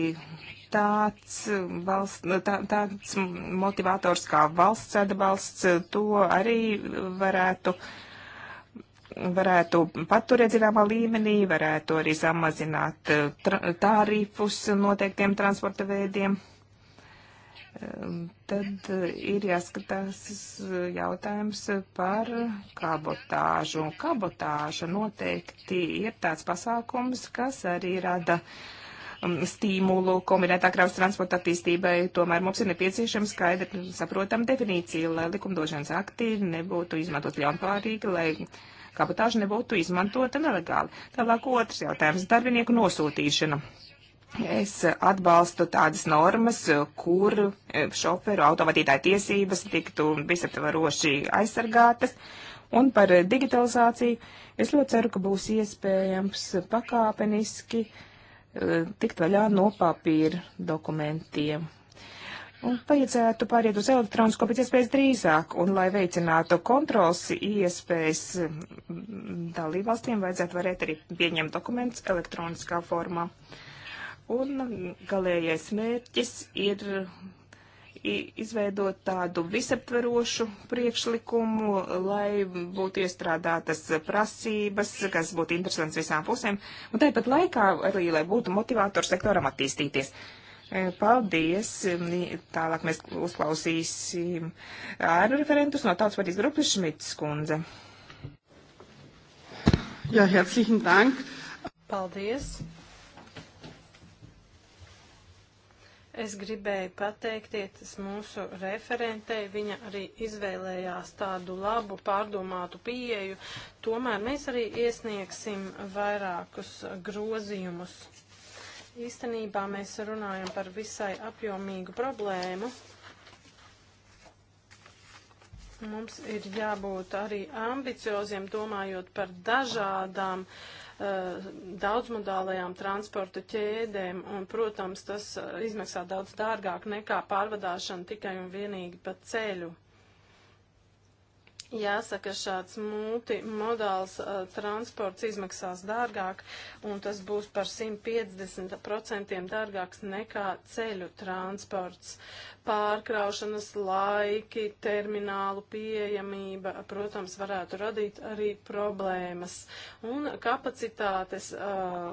Speaker 4: tāds, mm, valsts, nu, tā, tāds motivators kā valsts atbalsts, to arī varētu uh, varētu paturēt zināmā līmenī, varētu arī samazināt eh, tārīfus noteiktiem transporta veidiem. Ehm, tad eh, ir jāskatās eh, jautājums par kabotāžu. Kabotāža noteikti ir tāds pasākums, kas arī rada mm, stīmulu kombinētā kravas transporta attīstībai. Tomēr mums ir nepieciešama skaidra, saprotama definīcija, lai likumdošanas akti nebūtu izmantot ļaunprātīgi, lai kabatāža nebūtu izmantota nelegāli. Tālāk otrs jautājums - darbinieku nosūtīšana. Es atbalstu tādas normas, kur e, šoferu autovadītāja tiesības tiktu visaptvaroši aizsargātas. Un par digitalizāciju es ļoti ceru, ka būs iespējams pakāpeniski e, tikt vaļā no papīra dokumentiem Un vajadzētu pāriet uz elektronisko pēc iespējas drīzāk, un lai veicinātu kontrols iespējas mm, dalībvalstīm, vajadzētu varēt arī pieņemt dokumentus elektroniskā formā. Un galējais mērķis ir izveidot tādu visaptverošu priekšlikumu, lai būtu iestrādātas prasības, kas būtu interesants visām pusēm, un tāpat laikā arī, lai būtu motivātors sektoram attīstīties. Uh, E, paldies. Tālāk mēs uzklausīsim ēnu referentus no tautas partijas grupas Šmits kundze. Jā, ja, herzlichen dank.
Speaker 2: Paldies. Es gribēju pateikties mūsu referentei, viņa arī izvēlējās tādu labu pārdomātu pieeju, tomēr mēs arī iesniegsim vairākus grozījumus Īstenībā mēs runājam par visai apjomīgu problēmu. Mums ir jābūt arī ambicioziem, domājot par dažādām uh, daudzmodālajām transporta ķēdēm, un, protams, tas eh, izmaksā daudz dārgāk nekā pārvadāšana tikai un vienīgi pa ceļu. Uh, Jāsaka, šāds multimodāls uh, transports izmaksās dārgāk, un tas būs par 150% dārgāks nekā ceļu transports pārkraušanas laiki, terminālu pieejamība, protams, varētu radīt arī problēmas. Un kapacitātes uh,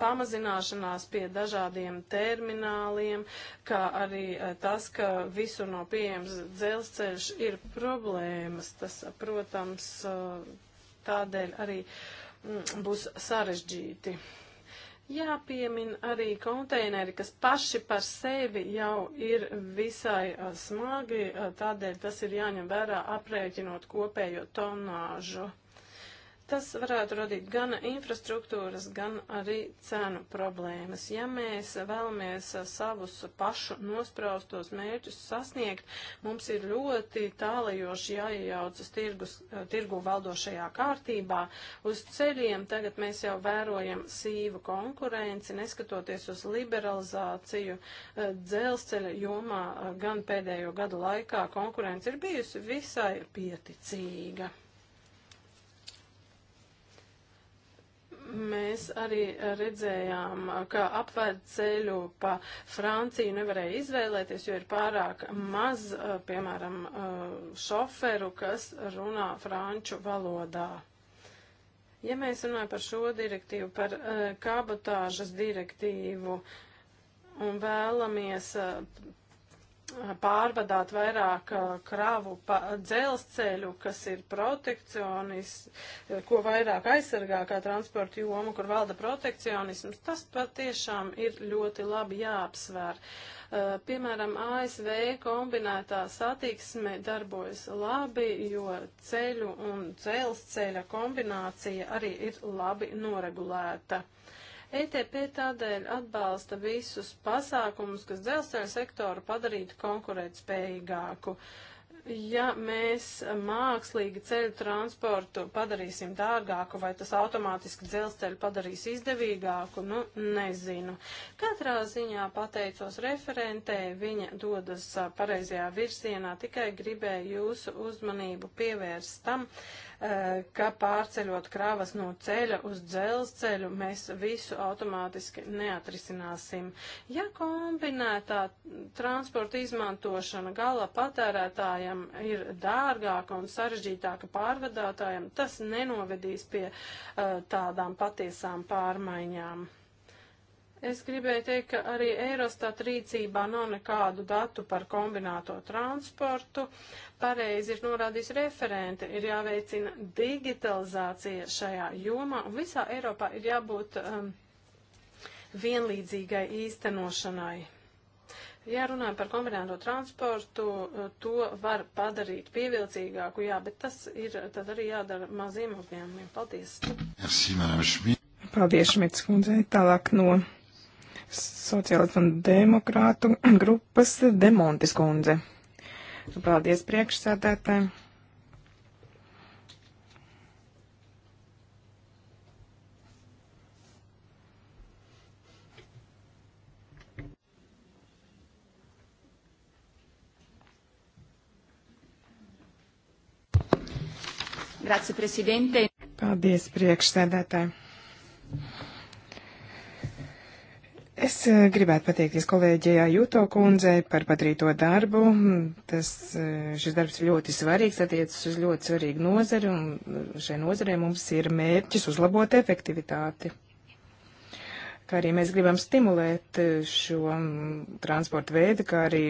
Speaker 2: pamazināšanās pie dažādiem termināliem, kā arī uh, tas, ka visur no pieejams dzelzceļš ir problēmas, tas, protams, uh, tādēļ arī mm, būs sarežģīti. Jāpiemin arī konteineri, kas paši par sevi jau ir visai smagi, tādēļ tas ir jāņem vērā aprēķinot kopējo tonāžu. Tas varētu radīt gan infrastruktūras, gan arī cenu problēmas. Ja mēs vēlamies eh, savus pašu nospraustos mērķus sasniegt, mums ir ļoti tālajoši jāiejaucas tirgus, eh, tirgu valdošajā kārtībā. Uz ceļiem tagad mēs jau vērojam sīvu konkurenci, neskatoties uz liberalizāciju eh, dzelzceļa jomā, gan pēdējo gadu laikā konkurence ir bijusi visai pieticīga. Mēs arī eh, redzējām, ka apvērt ceļu pa Franciju nevarēja izvēlēties, jo ir pārāk maz, eh, piemēram, eh, šoferu, kas runā franču valodā. Ja mēs runājam par šo direktīvu, par kabotāžas direktīvu un vēlamies pārvadāt vairāk uh, kravu pa dzelzceļu, kas ir protekcionis, eh, ko vairāk aizsargā kā transporta joma, kur valda protekcionisms, tas patiešām ir ļoti labi jāapsver. Uh, piemēram, ASV kombinētā satiksme darbojas labi, jo ceļu un dzelzceļa kombinācija arī ir labi noregulēta. ETP tādēļ atbalsta visus pasākumus, kas dzelzceļa sektoru padarītu konkurētspējīgāku. Ja mēs mākslīgi ceļu transportu padarīsim dārgāku, vai tas automātiski dzelzceļu padarīs izdevīgāku, nu, nezinu. Katrā ziņā pateicos referentē, viņa dodas pareizajā virzienā, tikai gribēju jūsu uzmanību pievērst tam, uh, Eh, ka pārceļot kravas no ceļa uz dzelzceļu mēs visu automātiski neatrisināsim. Ja kombinētā transporta izmantošana gala patērētājam ir dārgāka un sarežģītāka pārvadātājam, tas nenovedīs pie uh, tādām patiesām pārmaiņām. Es gribēju teikt, ka arī Eurostat rīcībā nav nekādu datu par kombināto transportu. Pareizi ir norādījis referente, ir jāveicina digitalizācija šajā jomā, un visā Eiropā ir jābūt um, vienlīdzīgai īstenošanai. Ja runājam par kombinēto transportu, uh, to var padarīt pievilcīgāku, jā, bet tas ir tad arī jādara maziem uzņēmumiem. Paldies!
Speaker 4: Merci, Paldies, Šmits kundzei. Tālāk no sociālistu un demokrātu <clears throat> grupas Demontis kundze. Paldies priekšsēdētājiem.
Speaker 3: Grazie, Presidente.
Speaker 4: Paldies, priekšsēdētāji. Es eh, gribētu pateikties kolēģijā Jūto kundzei par padarīto darbu. Tas, eh, šis darbs ir ļoti svarīgs, attiecas uz ļoti svarīgu nozari, un eh, šai nozarei mums ir mērķis uzlabot efektivitāti kā arī mēs gribam stimulēt eh, šo mm, transportu veidu, kā arī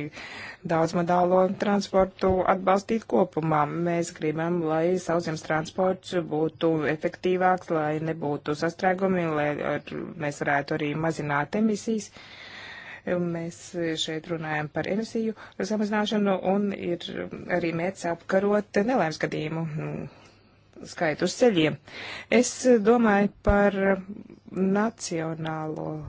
Speaker 4: daudzmodālo transportu atbalstīt kopumā. Mēs gribam, lai sauszemes transports būtu efektīvāks, lai nebūtu sastrēgumi, lai ar, mēs varētu arī mazināt emisijas. Mēs eh, šeit runājam par emisiju samazināšanu un ir mm, arī mērķis apkarot nelēmas gadījumu mm, skaitu uz ceļiem. Es eh, domāju par nacionālo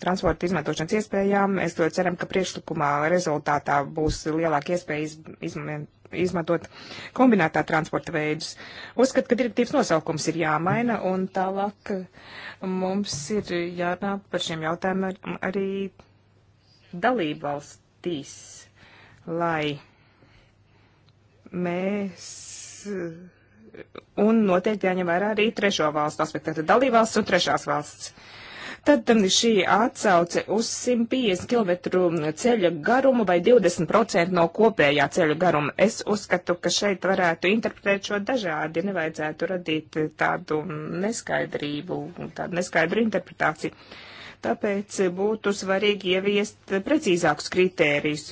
Speaker 4: transporta izmantošanas iespējām. Es to ceram, ka priekšlikumā rezultātā būs lielāka iespēja iz, izmantot izmantot kombinētā transporta veidus. Uzskat, ka direktīvas nosaukums ir jāmaina, un tālāk mums ir jārunā par šiem jautājumiem ar, arī dalībvalstīs, lai mēs un noteikti jāņem vērā arī trešo valstu aspektu, tātad dalībvalsts un trešās valsts. Tad šī atsauce uz 150 km ceļa garumu vai 20% no kopējā ceļa garuma. Es uzskatu, ka šeit varētu interpretēt šo dažādi, nevajadzētu radīt tādu neskaidrību, tādu neskaidru interpretāciju. Tāpēc būtu svarīgi ieviest precīzākus kritērijus.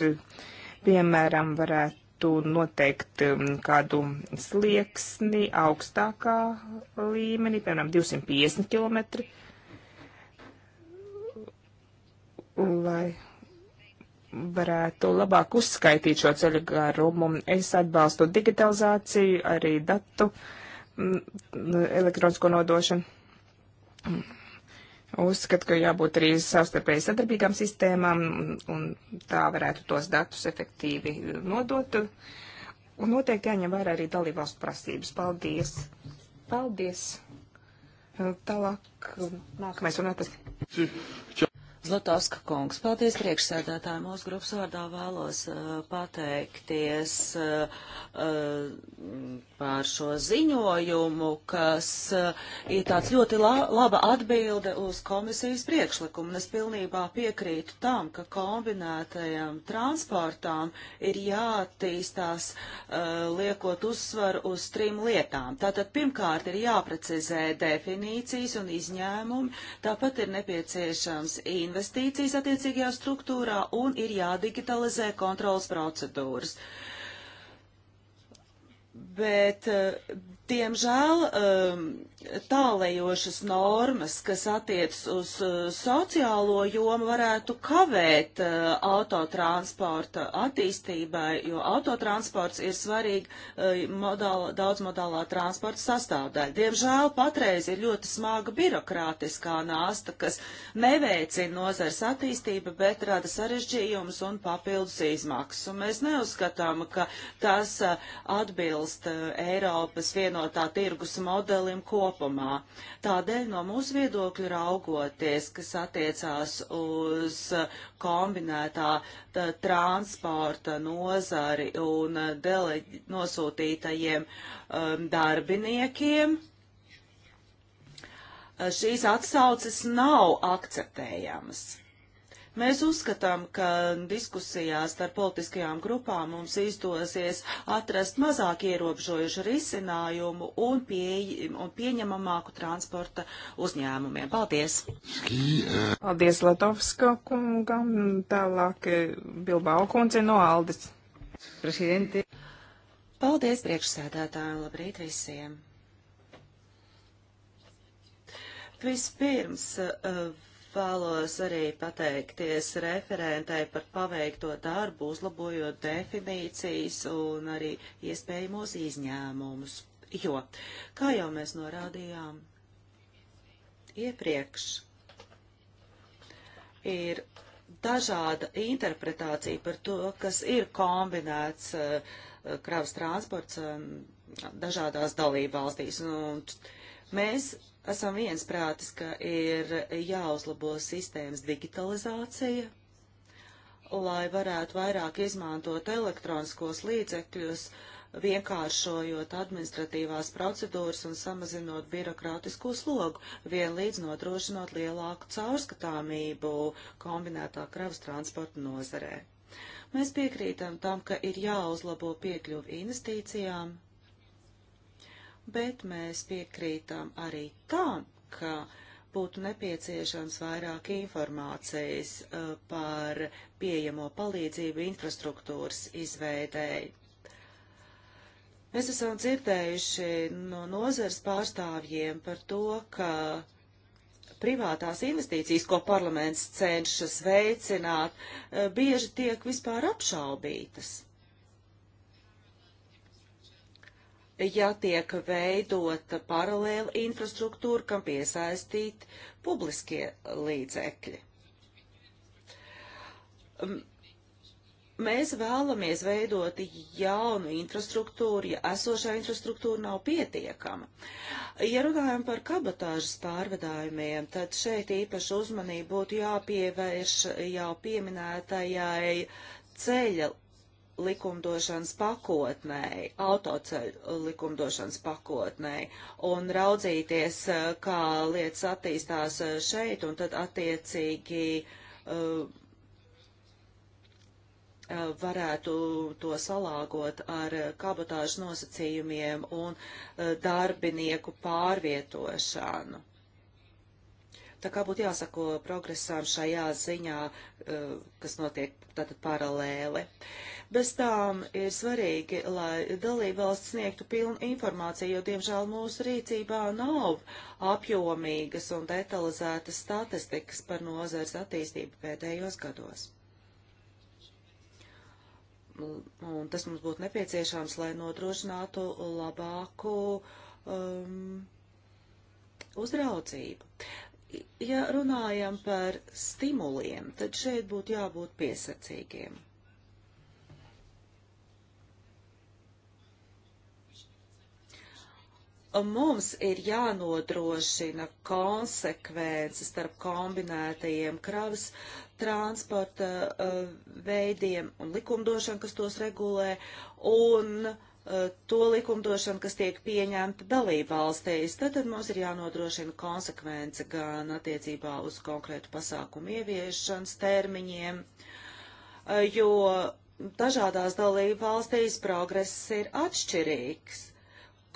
Speaker 4: Piemēram, varētu varētu noteikt um, kādu slieksni augstākā līmenī, piemēram, 250 km, lai varētu labāk uzskaitīt šo ceļu garumu. Es atbalstu digitalizāciju, arī datu mm, elektronisko nodošanu. Uzskatu, ka jābūt arī savstarpēji sadarbīgām sistēmām, un tā varētu tos datus efektīvi nodot. Un noteikti jāņem vērā arī dalībvalstu prasības.
Speaker 3: Paldies! Paldies! Tālāk nākamais un atas. Zlatovska kungs, paldies priekšsēdētāji. Mūsu grupas vārdā vēlos uh, pateikties. Uh, uh, par šo ziņojumu, kas eh, ir tāds ļoti la laba atbilde uz komisijas priekšlikumu. Es pilnībā piekrītu tam, ka kombinētajam transportām ir jātīstās uh, liekot uzsvaru uz trim lietām. Tātad pirmkārt ir jāprecizē definīcijas un izņēmumi, tāpat ir nepieciešams investīcijas attiecīgajā struktūrā un ir jādigitalizē kontrolas procedūras. Uh, bet, eh, diemžēl, um, tālējošas normas, kas attiecas uz uh, sociālo jomu, varētu kavēt uh, autotransporta attīstībai, jo autotransports ir svarīga uh, modāla, daudzmodālā transporta sastāvdaļa. Diemžēl patreiz ir ļoti smaga birokrātiskā nasta, kas neveicina nozars attīstību, bet rada sarežģījumus un papildus izmaksas. Un mēs neuzskatām, ka tas atbilst Eiropas vienotā tirgus modelim, ko kopumā. Tādēļ no mūsu viedokļu raugoties, kas attiecās uz kombinētā tā, transporta nozari un dele, nosūtītajiem um, darbiniekiem, šīs atsauces nav akceptējamas. Mēs uzskatām, ka diskusijās ar politiskajām grupām mums izdosies atrast mazāk ierobežojušu risinājumu un, pie, un pieņemamāku transporta uzņēmumiem. Paldies!
Speaker 4: Paldies Latovska kungam, tālāk Bilbao kundze no
Speaker 3: Aldis. Presidente. Paldies priekšsēdētājiem, labrīt visiem! Vispirms. Uh, Vēlos arī pateikties referentai par paveikto darbu, uzlabojot definīcijas un arī iespējamos izņēmumus. Jo, kā jau mēs norādījām iepriekš, ir dažāda interpretācija par to, kas ir kombinēts uh, kravas transports um, dažādās dalībvalstīs. Un, nu, un mēs esam viensprātis, ka ir jāuzlabo sistēmas digitalizācija, lai varētu vairāk izmantot elektroniskos līdzekļus, vienkāršojot administratīvās procedūras un samazinot birokrātisko slogu, vienlīdz nodrošinot lielāku caurskatāmību kombinētā kravas transporta nozarē. Mēs piekrītam tam, ka ir jāuzlabo piekļuvi investīcijām, bet mēs piekrītām arī tam, ka būtu nepieciešams vairāk informācijas uh, par pieejamo palīdzību infrastruktūras izveidēji. Mēs esam dzirdējuši no nozars pārstāvjiem par to, ka privātās investīcijas, ko parlaments cenšas veicināt, uh, bieži tiek vispār apšaubītas. ja tiek veidota paralēla infrastruktūra, kam piesaistīt publiskie līdzekļi. Mēs vēlamies veidot jaunu infrastruktūru, ja esošā infrastruktūra nav pietiekama. Ja runājam par kabatāžas pārvedājumiem, tad šeit īpaši uzmanību būtu jāpievērš jau pieminētajai ceļa likumdošanas pakotnei, autoceļu likumdošanas pakotnei un raudzīties, e, kā lietas attīstās e, šeit un tad attiecīgi uh, varētu to salāgot ar kabotāžu nosacījumiem un darbinieku pārvietošanu. Tā kā būtu jāsako progresām šajā ziņā, eh, kas notiek tātad paralēli. Bez tām ir svarīgi, lai dalībvalsts sniegtu pilnu informāciju, jo, diemžēl, mūsu rīcībā nav apjomīgas un detalizētas statistikas par nozars attīstību pēdējos gados. Un tas mums būtu nepieciešams, lai nodrošinātu labāku um, uzraudzību ja runājam par stimuliem, tad šeit būtu jābūt piesacīgiem. Mums ir jānodrošina konsekvences starp kombinētajiem kravas transporta uh, veidiem un likumdošanu, kas tos regulē, un uh, Eh, to likumdošanu, kas tiek pieņemta dalību valstīs, tad, tad mums ir jānodrošina konsekvence gan attiecībā uz konkrētu pasākumu ieviešanas termiņiem, eh, jo dažādās dalību valstīs progress ir atšķirīgs.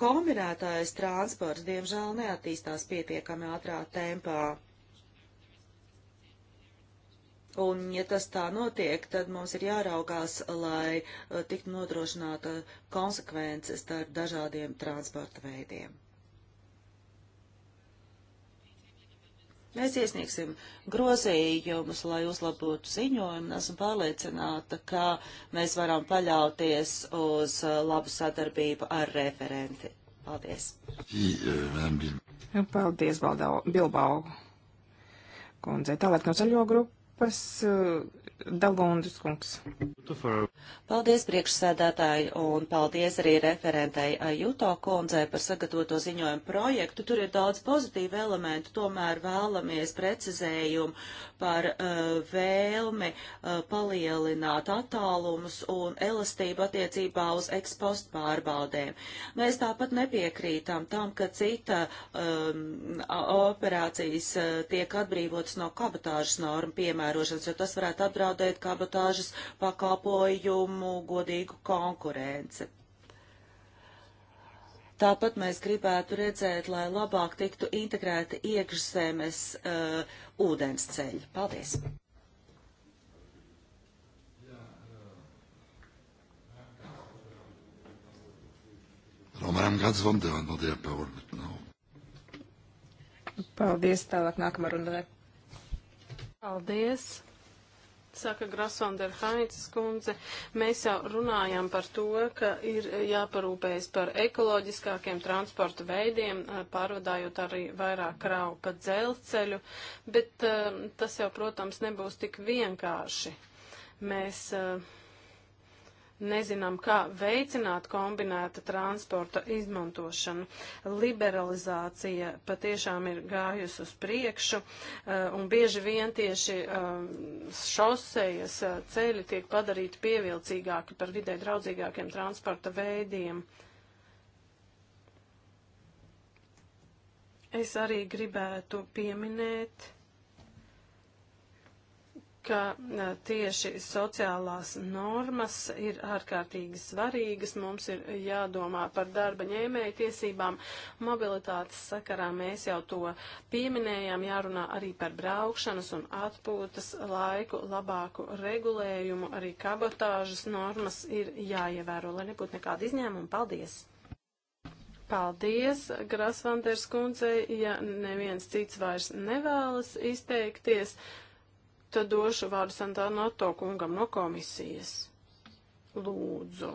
Speaker 3: Kombinētājs transports, diemžēl, neattīstās pietiekami ātrā tempā. Un, ja tas tā notiek, tad mums ir jāraugās, lai uh, tiktu nodrošināta konsekvences starp dažādiem transporta veidiem. Mēs iesniegsim grozījumus, lai uzlabotu ziņojumu, un esmu pārliecināta, ka mēs varam paļauties uz uh, labu sadarbību ar referenti. Paldies!
Speaker 1: Eh,
Speaker 4: Paldies, Bilbao kundze. Tālāk no ceļo grupu grupas uh, Dalundas kungs.
Speaker 3: Paldies priekšsēdētāji un paldies arī referentei Juto kundzei par sagatavoto ziņojumu projektu. Tur ir daudz pozitīvu elementu, tomēr vēlamies precizējumu par uh, vēlmi uh, palielināt attālumus un elastību attiecībā uz ekspostu pārbaudēm. Mēs tāpat nepiekrītam tam, ka cita um, operācijas uh, tiek atbrīvotas no kabatāžas norma piemērošanas, jo tas varētu apdraudēt kabatāžas pakalpojumu godīgu konkurenci. Tāpat mēs gribētu redzēt, lai labāk tiktu integrēti iekšzemes uh, ūdens ceļi. Paldies!
Speaker 1: Romēram gads vondēvan valdīja power, bet nav.
Speaker 4: Paldies, tālāk nākamā runātāja.
Speaker 2: Paldies! saka Grasvander Hainces kundze, mēs jau runājam par to, ka ir jāparūpējas par ekoloģiskākiem transporta veidiem, eh, pārvadājot arī vairāk kravu pa dzelceļu, bet eh, tas jau, protams, nebūs tik vienkārši. Mēs uh, nezinām, kā veicināt kombinēta transporta izmantošanu. Liberalizācija patiešām ir gājusi uz priekšu, eh, un bieži vien tieši eh, šosejas eh, ceļi tiek padarīti pievilcīgāki par vidē draudzīgākiem transporta veidiem. Es arī gribētu pieminēt ka e, tieši sociālās normas ir ārkārtīgi svarīgas. Mums ir jādomā par darba ņēmēju tiesībām. Mobilitātes sakarā mēs jau to pieminējām, jārunā arī par braukšanas un atpūtas laiku, labāku regulējumu, arī kabotāžas normas ir jāievēro, lai nebūtu nekāda izņēmuma. Paldies! Paldies, Grasvanders kundzei, ja neviens cits vairs nevēlas izteikties. Tad došu vārdu Santānu Otto kungam no komisijas.
Speaker 3: Lūdzu.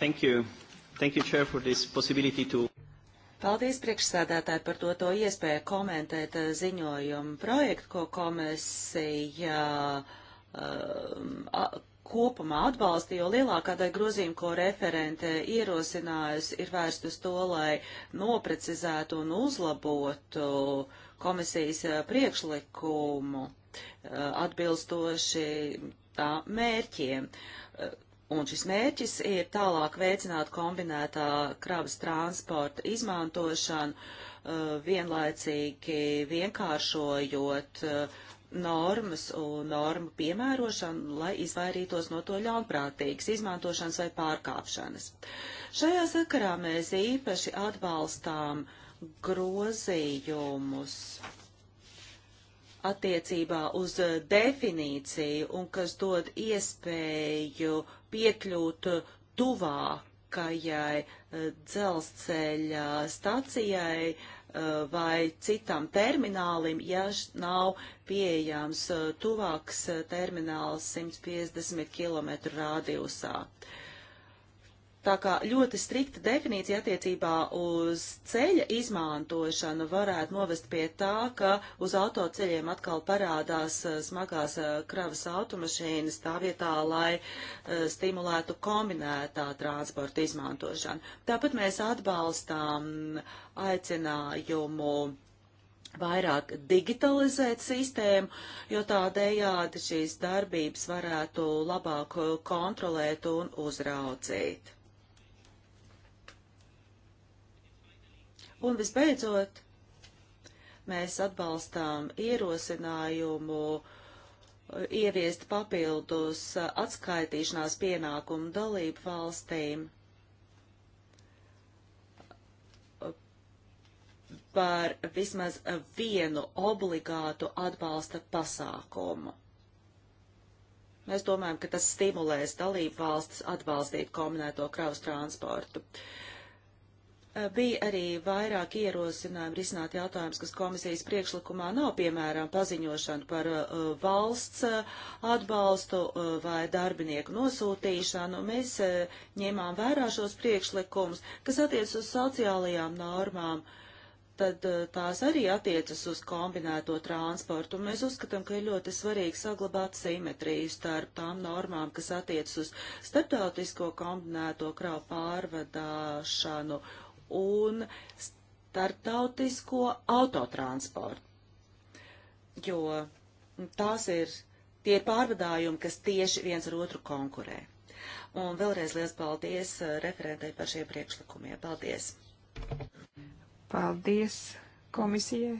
Speaker 2: Thank you. Thank you, Chair, for this possibility to
Speaker 3: Paldies priekšsēdētāji par to, to iespēju komentēt eh, ziņojumu projektu, ko komisija um, kopumā atbalsta, jo lielākā daļa grozījumu, ko referente ierosinājusi, ir vērst uz to, lai noprecizētu un uzlabotu komisijas eh, priekšlikumu eh, atbilstoši tā mērķiem. Eh, un šis mērķis ir tālāk veicināt kombinētā kravas transporta izmantošanu, vienlaicīgi vienkāršojot normas un normu piemērošanu, lai izvairītos no to ļaunprātīgas izmantošanas vai pārkāpšanas. Šajā sakarā mēs īpaši atbalstām grozījumus attiecībā uz definīciju un kas dod iespēju piekļūt tuvākajai eh, dzelzceļa stacijai uh, vai citam terminālim, ja nav pieejams uh, tuvāks uh, termināls 150 km rādījusā. Uh, Tā kā ļoti strikta definīcija attiecībā uz ceļa izmantošanu varētu novest pie tā, ka uz autoceļiem atkal parādās uh, smagās uh, kravas automašīnas tā vietā, lai uh, stimulētu kombinētā transporta izmantošanu. Tāpat mēs atbalstām aicinājumu vairāk digitalizēt sistēmu, jo tādējādi šīs darbības varētu labāk kontrolēt un uzraudzīt. Un visbeidzot, mēs atbalstām ierosinājumu uh, ieviest papildus uh, atskaitīšanās pienākumu dalību valstīm uh, par vismaz vienu obligātu atbalsta pasākumu. Mēs domājam, ka tas stimulēs dalību valstis atbalstīt kombinēto kravas transportu. Uh, Eh, bija arī vairāk ierosinājumi risināt jautājumus, kas komisijas priekšlikumā nav, piemēram, paziņošana par eh, valsts eh, atbalstu vai darbinieku nosūtīšanu. Mēs ņēmām vērā šos priekšlikumus, kas attiec uz sociālajām normām tad tās arī attiecas uz kombinēto transportu. Mēs uzskatām, ka ir ļoti svarīgi saglabāt simetriju starp tām normām, kas attiecas uz starptautisko kombinēto kravu pārvadāšanu un startautisko autotransportu. Jo tās ir tie pārvadājumi, kas tieši viens ar otru konkurē. Un vēlreiz liels paldies uh, referentei par šiem priekšlikumiem. Paldies!
Speaker 4: Paldies komisijai!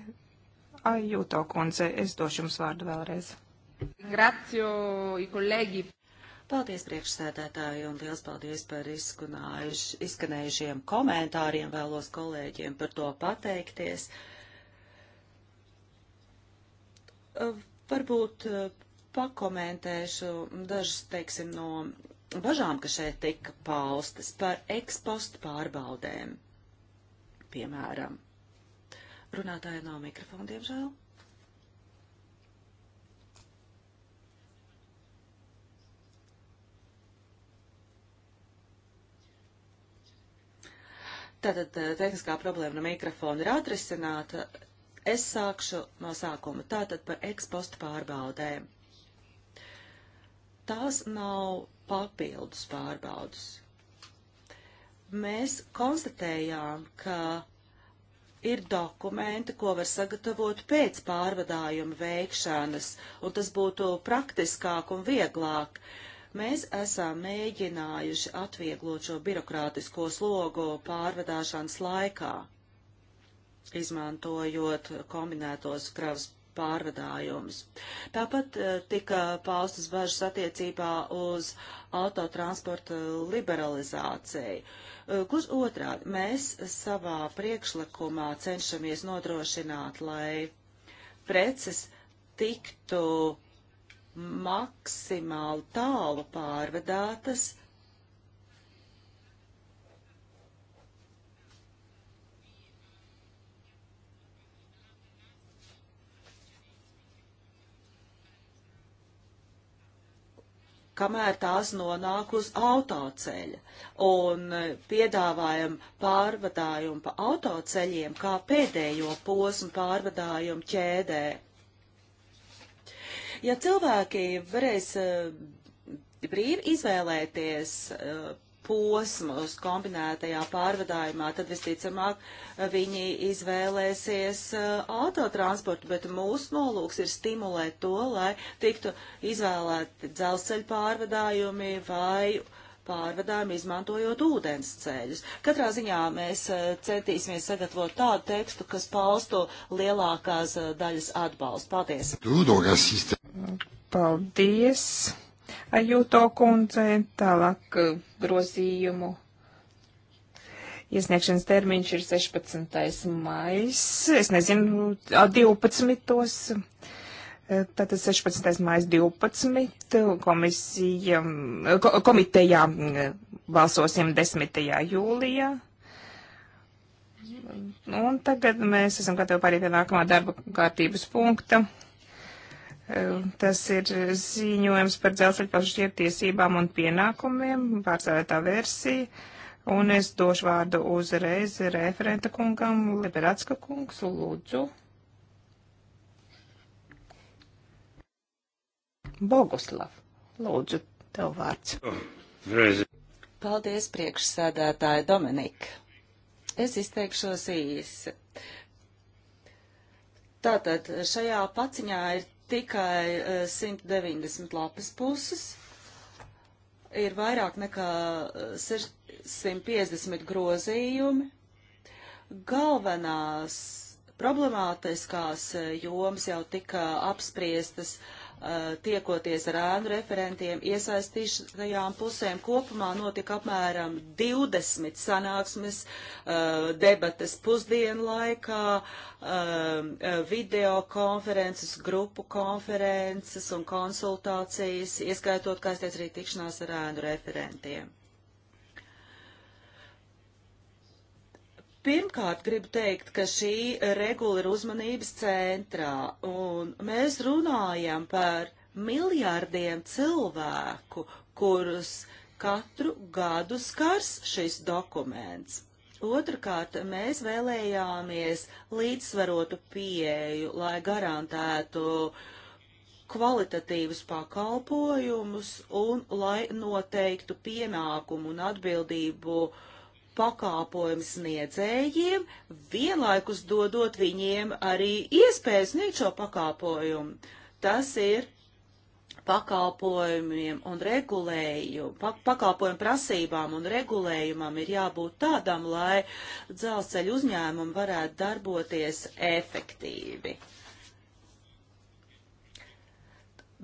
Speaker 4: Ai, Jūto kundze, es došu jums vārdu vēlreiz.
Speaker 3: Grācio, kolēģi! Paldies priekšsēdētāji un liels paldies par izskanējušiem komentāriem. Vēlos kolēģiem par to pateikties. Uh, varbūt uh, pakomentēšu dažas, teiksim, no bažām, kas šeit tika paustas par ekspostu pārbaudēm, piemēram. Runātāja nav mikrofona, diemžēl. Tātad eh, tehniskā problēma no mikrofona ir atrisināta. Es sākšu no sākuma. Tātad par ekspostu pārbaudēm. Tās nav papildus pārbaudus. Mēs konstatējām, ka ir dokumenti, ko var sagatavot pēc pārvadājuma veikšanas, un tas būtu praktiskāk un vieglāk. Uh, Mēs esam mēģinājuši atvieglot šo birokrātisko slogu pārvadāšanas laikā, izmantojot kombinētos kravas pārvadājumus. Tāpat eh, tika paustas bažas attiecībā uz autotransporta liberalizāciju. Gluži eh, otrādi, mēs savā priekšlikumā cenšamies nodrošināt, lai preces tiktu maksimāli tālu pārvadātas. kamēr tās nonāk uz autoceļa, un piedāvājam pārvadājumu pa autoceļiem kā pēdējo posmu pārvadājumu ķēdē. Ja cilvēki varēs eh, brīvi izvēlēties eh, posmus kombinētajā pārvadājumā, tad visticamāk eh, viņi izvēlēsies autotransportu, bet mūsu nolūks ir stimulēt to, lai tiktu izvēlēti dzelzceļa pārvadājumi vai pārvadājumi izmantojot ūdens ceļus. Katrā ziņā mēs centīsimies sagatavot tādu tekstu, kas paustu lielākās daļas atbalstu.
Speaker 1: Paldies!
Speaker 4: Paldies, Ajūto kundze. Tālāk eh, grozījumu iesniegšanas termiņš ir 16. maijs. Es nezinu, 12. Eh, tātad 16. mājas 12. Komisija, eh, komitejā balsosim 10. jūlijā. Un tagad mēs esam gatavi pārīt pie nākamā darba kārtības punkta. Tas ir ziņojums par dzelzceļa pasažieru tiesībām un pienākumiem, pārstāvētā versija. Un es došu vārdu uzreiz referenta kungam, Liberatska kungs, lūdzu.
Speaker 3: Boguslav, lūdzu, tev vārds. Paldies, priekšsēdētāja Dominika. Es izteikšos īsi. Tātad šajā paciņā ir tikai 190 eh, lapas puses, ir vairāk nekā 150 eh, grozījumi. Galvenās problemātiskās eh, jomas jau tika apspriestas uh, Eh, tiekoties ar ēnu referentiem, iesaistīšajām pusēm. Kopumā notika apmēram 20 sanāksmes, eh, debates pusdienu laikā, eh, video konferences, grupu konferences un konsultācijas, ieskaitot, kā es teicu, arī tikšanās ar ēnu referentiem. Pirmkārt, gribu teikt, ka šī regula ir uzmanības centrā, un mēs runājam par miljārdiem cilvēku, kurus katru gadu skars šis dokuments. Otrakārt, mēs vēlējāmies līdzsvarotu pieeju, lai garantētu kvalitatīvus pakalpojumus un lai noteiktu pienākumu un atbildību uh, pakāpojumu sniedzējiem, vienlaikus dodot viņiem arī iespēju sniegt šo pakāpojumu. Tas ir pakalpojumiem un regulējumu, pa, pakalpojumu prasībām un regulējumam ir jābūt tādam, lai dzelzceļu uzņēmumi varētu darboties efektīvi.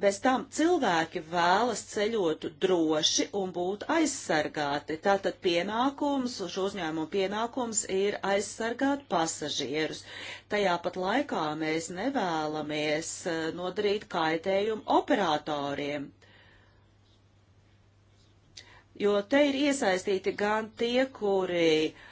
Speaker 3: Bez tam cilvēki vēlas ceļot droši un būt aizsargāti. Tātad pienākums, šo uzņēmumu pienākums ir aizsargāt pasažierus. Tajā pat laikā mēs nevēlamies eh, nodarīt kaitējumu operatoriem. Jo te ir iesaistīti gan tie, kuri uh,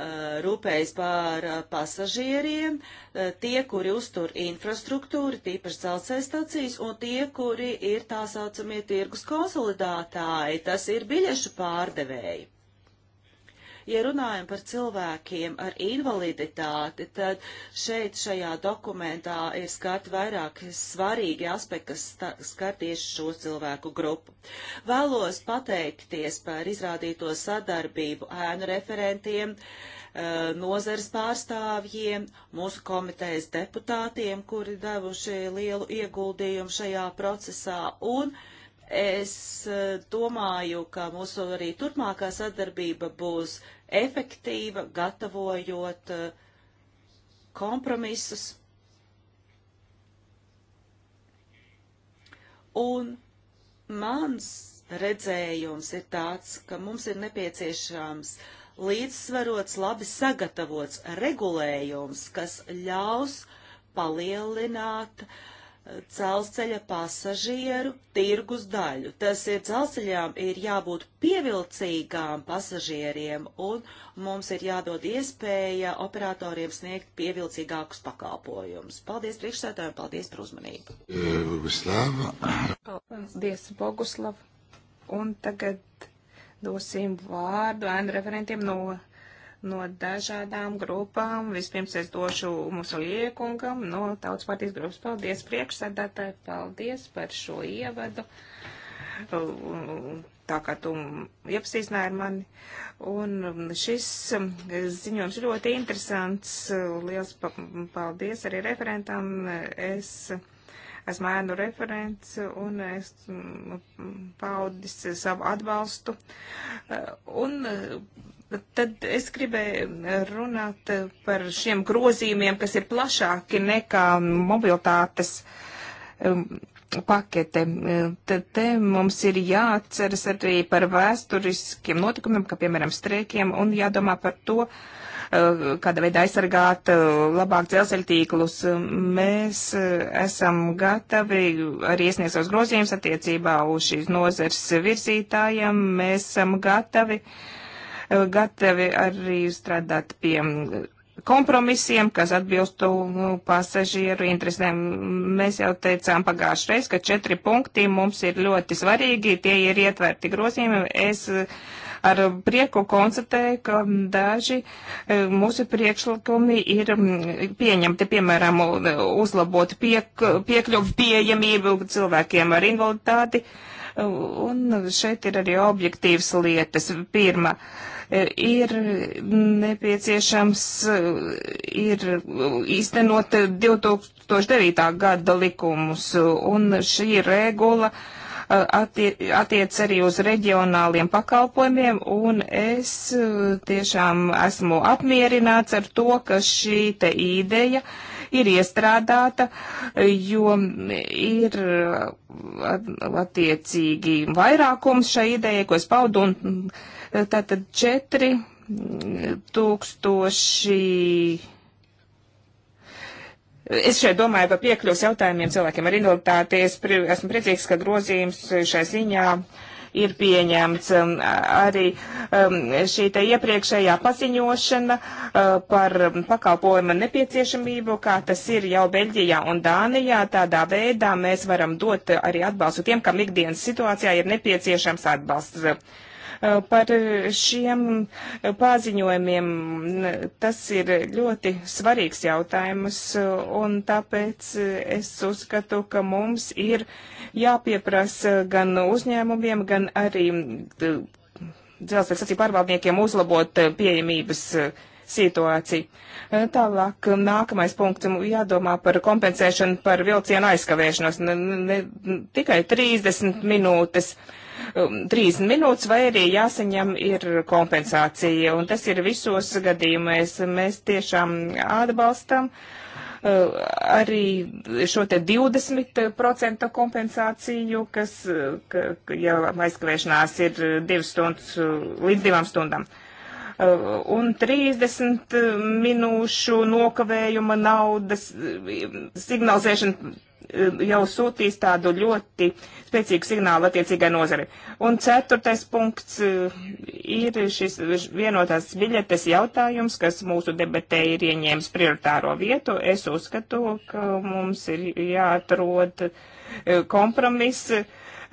Speaker 3: Eh, rūpējas par eh, pasažieriem, eh, tie, kuri uztur infrastruktūru, tīpaši dzelzceļa stacijas, un tie, kuri ir tā saucamie tirgus konsolidātāji, tas ir biļešu pārdevēji. Ja runājam par cilvēkiem ar invaliditāti, tad šeit šajā dokumentā ir skārti vairāk svarīgi aspekti, kas skar tieši šo cilvēku grupu. Vēlos pateikties par izrādīto sadarbību ēnu referentiem, eh, nozars pārstāvjiem, mūsu komitejas deputātiem, kuri devuši lielu ieguldījumu šajā procesā un uh, Es e, domāju, ka mūsu arī turpmākā sadarbība būs efektīva, gatavojot e, kompromisus. Un mans redzējums ir tāds, ka mums ir nepieciešams līdzsvarots, labi sagatavots regulējums, kas ļaus palielināt uh, dzelzceļa pasažieru tirgus daļu. Tas ir dzelzceļām ir jābūt pievilcīgām pasažieriem un mums ir jādod iespēja operatoriem sniegt pievilcīgākus pakalpojumus. Paldies priekšsētājiem, paldies par uzmanību.
Speaker 1: Vislāva.
Speaker 4: Paldies, Boguslav. Un tagad dosim vārdu ēnu referentiem no no dažādām grupām. Vispirms es došu mūsu liekungam no Tautas partijas grupas. Paldies priekšsēdētāji, paldies par šo ievadu. Tā kā tu iepazīstināji ar mani. Un šis ziņojums ļoti interesants. Liels paldies arī referentam. Es esmu ēnu referents un es paudis savu atbalstu. Un Tad es gribēju runāt par šiem grozījumiem, kas ir plašāki nekā mobilitātes um, pakete. Tad te mums ir jāatceras arī par vēsturiskiem notikumiem, kā piemēram streikiem, un jādomā par to, uh, kāda veida aizsargāt uh, labāk dzelzceļtīklus. Mēs uh, esam gatavi arī iesniegt savus grozījumus attiecībā uz šīs nozars virzītājiem. Mēs esam gatavi. Uh, Eh, gatavi arī strādāt pie mm, kompromisiem, kas atbilstu mm, pasažieru interesēm. Mēs jau teicām pagājušajā reizē, ka četri punkti mums ir ļoti svarīgi, tie ir ietverti grozījumi. Es eh, ar prieku konstatēju, ka daži eh, mūsu priekšlikumi ir mm, pieņemti, piemēram, uzlabot piek, piekļuvu pieejamību cilvēkiem ar invaliditāti. Un šeit ir arī objektīvas lietas. Pirma, uh, ir nepieciešams ir īstenot 2009. gada likumus, un šī regula attiec arī uz reģionāliem pakalpojumiem, un es tiešām esmu apmierināts ar to, ka šī te ideja ir iestrādāta, jo ir attiecīgi vairākums šai idejai, ko es paudu, un Tātad 4 tūkstoši. Es šeit domāju par piekļuvas jautājumiem cilvēkiem ar invaliditāti. Es pri, esmu priecīgs, ka grozījums šai ziņā ir pieņemts. Arī um, šī te iepriekšējā paziņošana uh, par pakalpojuma nepieciešamību, kā tas ir jau Beļģijā un Dānijā, tādā veidā mēs varam dot arī atbalstu tiem, kam ikdienas situācijā ir nepieciešams atbalsts Eh, par šiem paziņojumiem. Tas ir ļoti svarīgs jautājums, un tāpēc es uzskatu, ka mums ir jāpieprasa gan uzņēmumiem, gan arī eh, dzelzceļa sacību pārvaldniekiem uzlabot eh, pieejamības situāciju. Tālāk, nākamais punkts jādomā par kompensēšanu par vilcienu aizkavēšanos. Ne, ne, tikai 30 minūtes. Uh, 30 um, minūtes, vai arī jāsaņem ir kompensācija. Un tas ir visos gadījumos. Mēs tiešām atbalstam uh, arī šo te 20% kompensāciju, kas, ka, ja aizkavēšanās ir 2 stundas uh, līdz 2 stundām. Uh, un 30 minūšu nokavējuma naudas signalizēšana jau sūtīs tādu ļoti spēcīgu signālu attiecīgai nozari. Un ceturtais punkts eh, ir šis vienotās biļetes jautājums, kas mūsu debatē ir ieņēmis prioritāro vietu. Es uzskatu, ka mums ir jāatrod eh, kompromiss eh,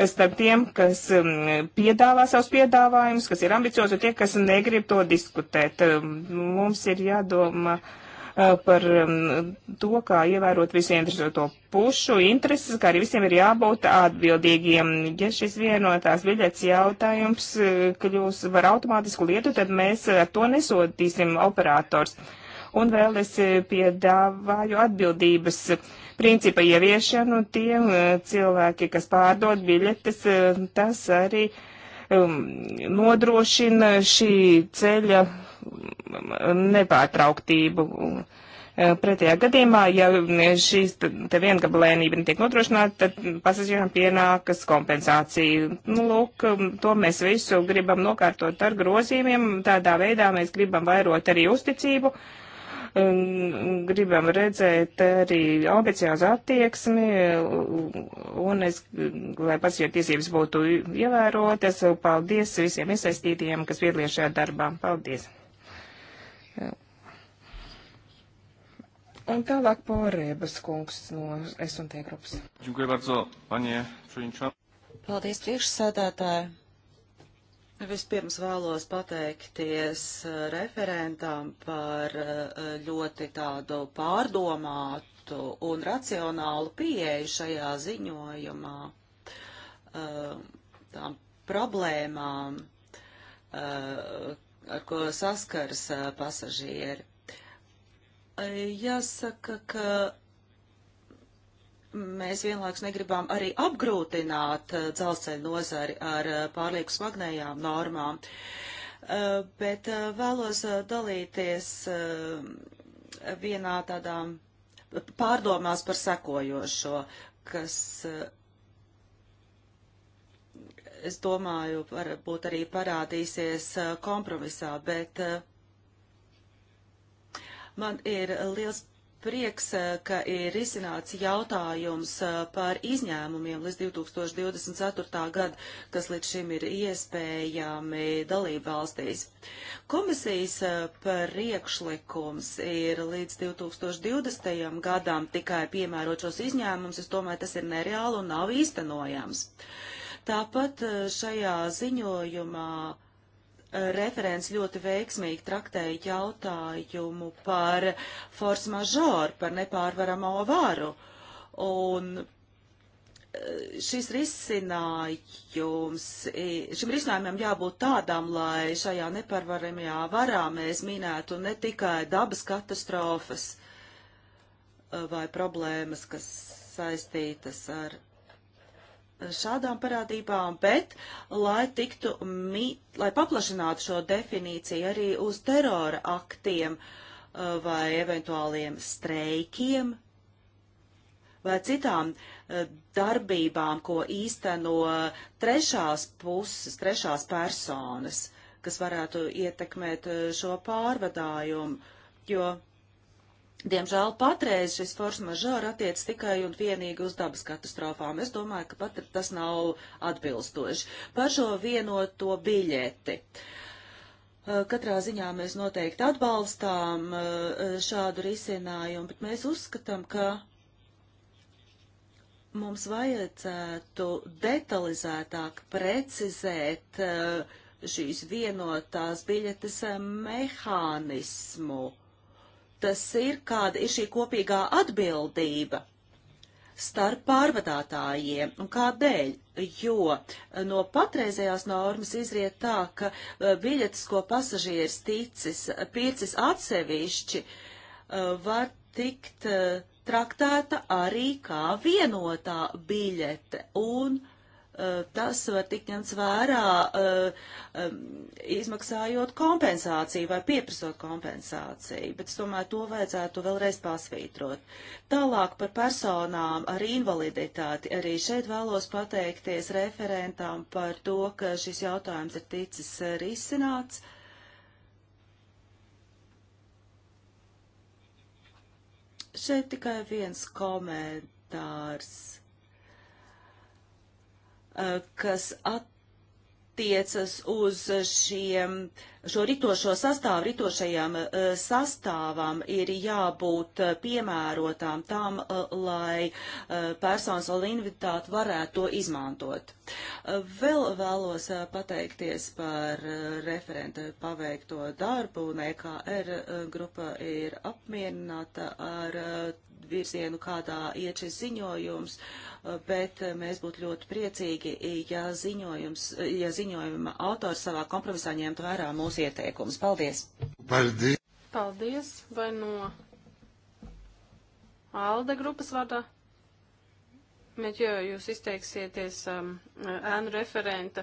Speaker 4: starp tiem, kas mm, piedāvā savus piedāvājumus, kas ir ambiciozi, un tie, kas negrib to diskutēt. Mums ir jādomā Eh, par to, kā ievērot visu interesēto pušu intereses, kā arī visiem ir jābūt atbildīgiem. Ja šis vienotās biļets jautājums eh, kļūs par automātisku lietu, tad mēs ar to nesodīsim operators. Un vēl es eh, piedāvāju atbildības principa ieviešanu tiem cilvēki, kas pārdod biļetes, tas arī um, nodrošina šī ceļa nepārtrauktību. Eh, pretējā gadījumā, ja šīs te viengabalēnība netiek nodrošināta, tad pasažieram pienākas kompensācija. Nu, lūk, to mēs visu gribam nokārtot ar grozījumiem. Tādā veidā mēs gribam vairot arī uzticību gribam redzēt arī ambiciozu attieksmi, un es, lai pasažieru tiesības būtu ievērotas, paldies visiem iesaistītiem, kas piedalījās šajā darbā. Paldies! Un tālāk porēbas kungs no S&T grupas.
Speaker 3: Paldies priekšsēdētāji. Vispirms vēlos pateikties uh, referentam par uh, ļoti tādu pārdomātu un racionālu pieeju šajā ziņojumā uh, tām problēmām, ar ko saskaras pasažieri. Jāsaka, ka mēs vienlaiks negribam arī apgrūtināt dzelzceļa nozari ar pārlieku smagnējām normām, bet vēlos dalīties vienā tādā pārdomās par sekojošo, kas es domāju, varbūt arī parādīsies uh, kompromisā, bet uh, man ir liels prieks, uh, ka ir izcināts jautājums par izņēmumiem līdz 2024. gadu, kas līdz šim ir iespējami dalību valstīs. Komisijas priekšlikums ir līdz 2020. gadam tikai piemērot šos izņēmumus, es domāju, tas ir nereāli un nav īstenojams. Uh, Tāpat eh, šajā ziņojumā eh, referents ļoti veiksmīgi traktēja jautājumu par force majeure, par nepārvaramo varu. Un eh, šis risinājums, šim risinājumam jābūt tādam, lai šajā neparvaramajā varā mēs minētu ne tikai dabas katastrofas vai problēmas, kas saistītas ar šādām parādībām, bet lai tiktu, mi, lai paplašinātu šo definīciju arī uz terora aktiem uh, vai eventuāliem streikiem vai citām uh, darbībām, ko īsteno trešās puses, trešās personas, kas varētu ietekmēt uh, šo pārvadājumu, jo Diemžēl patreiz šis force majeure attiec tikai un vienīgi uz dabas katastrofām. Es domāju, ka pat tas nav atbilstoši. Par šo vienoto biļeti. Eh, katrā ziņā mēs noteikti atbalstām eh, šādu risinājumu, bet mēs uzskatām, ka mums vajadzētu detalizētāk precizēt eh, šīs vienotās biļetes mehānismu tas ir, kāda ir šī kopīgā atbildība starp pārvadātājiem un kādēļ, jo eh, no patreizējās normas izriet tā, ka eh, biļetes, ko pasažieris ticis, pircis atsevišķi, eh, var tikt traktēta arī kā vienotā biļete un biļete Eh, tas var tikt ņemts vērā, eh, izmaksājot kompensāciju vai pieprasot kompensāciju, bet es domāju, to vajadzētu vēlreiz pasvītrot. Tālāk par personām ar invaliditāti. Arī šeit vēlos pateikties referentām par to, ka šis jautājums ir ticis eh, risināts. Šeit tikai viens komentārs kas attiecas uz šiem, šo ritošo sastāvu, ritošajām eh, sastāvām ir jābūt eh, piemērotām tam, eh, lai personas vēl invaliditāti varētu to izmantot. Vēl vēlos pateikties par referenta paveikto darbu, un EKR grupa ir apmierināta ar virzienu, kādā iet šis ziņojums, uh, bet uh, mēs būtu ļoti priecīgi, ja, ziņojums, ja ziņojuma autors savā kompromisā ņemtu vērā mūsu ieteikumus. Paldies!
Speaker 1: Paldies!
Speaker 2: Paldies! Vai no Alde grupas vārdā Meķo, jūs izteiksieties um, ēnu referenta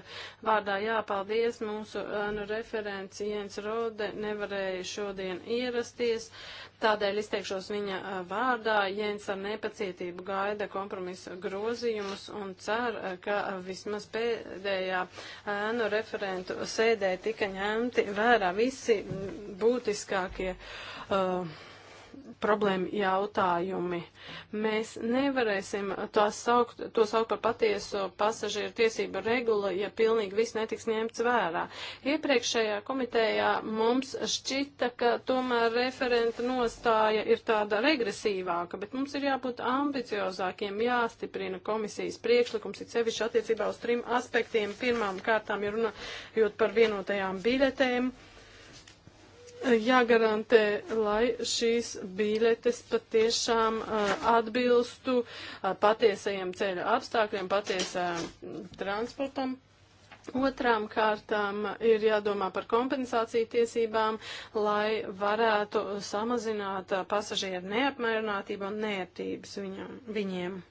Speaker 2: vārdā. Jā, paldies. Mūsu ēnu referents Jens Rode nevarēja šodien ierasties. Tādēļ izteikšos viņa uh, vārdā. Jens ar nepacietību gaida kompromisu grozījumus un cer, uh, ka uh, vismaz pēdējā ēnu referentu sēdē tika ņemti vērā visi būtiskākie. Uh, problēma jautājumi. Mēs nevarēsim saukt, to saukt par patiesu pasažieru tiesību regulu, ja pilnīgi viss netiks ņemts vērā. Iepriekšējā komitejā mums šķita, ka tomēr referenta nostāja ir tāda regresīvāka, bet mums ir jābūt ambiciozākiem, jāstiprina komisijas priekšlikums, ir sevišķi attiecībā uz trim aspektiem. Pirmām kārtām ir runājot par vienotajām biļetēm jāgarantē, lai šīs biļetes patiešām uh, atbilstu uh, patiesajiem ceļa apstākļiem, patiesajam transportam. Otrām kārtām ir jādomā par kompensāciju tiesībām, lai varētu samazināt uh, pasažieru neapmierinātību un nērtības viņam, viņiem.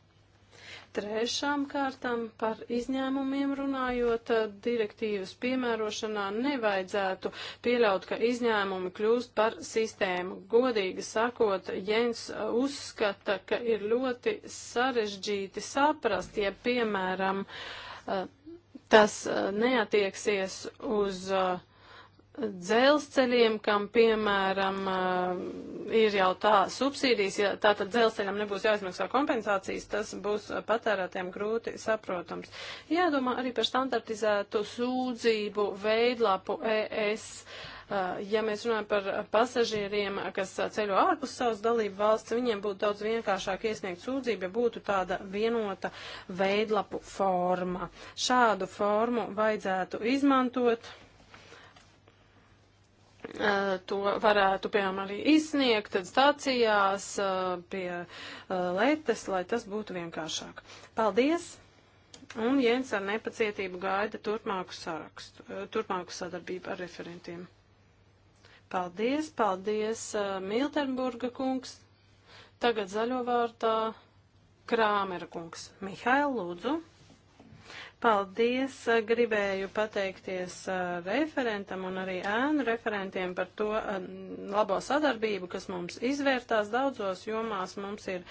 Speaker 2: Trešām kārtām par izņēmumiem runājot, direktīvas piemērošanā nevajadzētu pieļaut, ka izņēmumi kļūst par sistēmu. Godīgi sakot, Jens uzskata, ka ir ļoti sarežģīti saprast, ja piemēram eh, tas eh, neatieksies uz uh, dzelzceļiem, kam, piemēram, eh, ir jau tā subsīdijas, ja tā tad dzelzceļam nebūs jāizmaksā kompensācijas, tas būs patērētiem grūti saprotams. Jādomā arī par standartizētu sūdzību veidlapu ES. Eh, ja mēs runājam par pasažieriem, kas ceļo ārpus savas dalību valsts, viņiem būtu daudz vienkāršāk iesniegt sūdzību, ja būtu tāda vienota veidlapu forma. Šādu formu vajadzētu izmantot Eh, to varētu, piemēram, arī izsniegt stācijās eh, pie eh, letes, lai tas būtu vienkāršāk. Paldies! Un Jens ar nepacietību gaida turpmāku sarakstu, turpmāku sadarbību ar referentiem. Paldies, paldies, Miltenburga kungs. Tagad zaļo vārdā Krāmera kungs. Mihail, lūdzu. Paldies! Eh, gribēju pateikties eh, referentam un arī ēnu referentiem par to eh, labo sadarbību, kas mums izvērtās daudzos jomās. Mums ir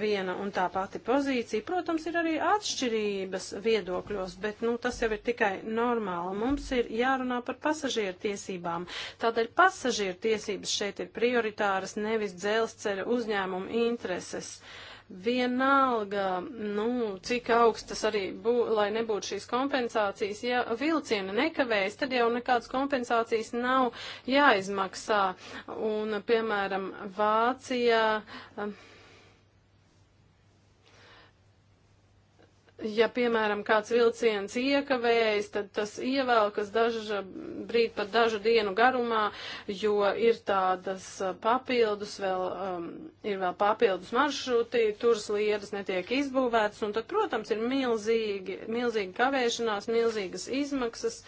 Speaker 2: viena un tā pati pozīcija. Protams, ir arī atšķirības viedokļos, bet nu, tas jau ir tikai normāli. Mums ir jārunā par pasažieru tiesībām. Tādēļ pasažieru tiesības šeit ir prioritāras, nevis dzelzceļa uzņēmumu intereses. Uh, Vienalga, nu, cik augstas arī būtu, lai nebūtu šīs kompensācijas, ja vilciena nekavējas, tad jau nekādas kompensācijas nav jāizmaksā. Un, piemēram, Vācijā. Uh, ja, piemēram, kāds vilciens iekavējas, tad tas ievelkas dažu brīdi pat dažu dienu garumā, jo ir tādas papildus, vēl, um, ir vēl papildus maršruti, tur sliedas netiek izbūvētas, un tad, protams, ir milzīgi, milzīgi kavēšanās, milzīgas izmaksas.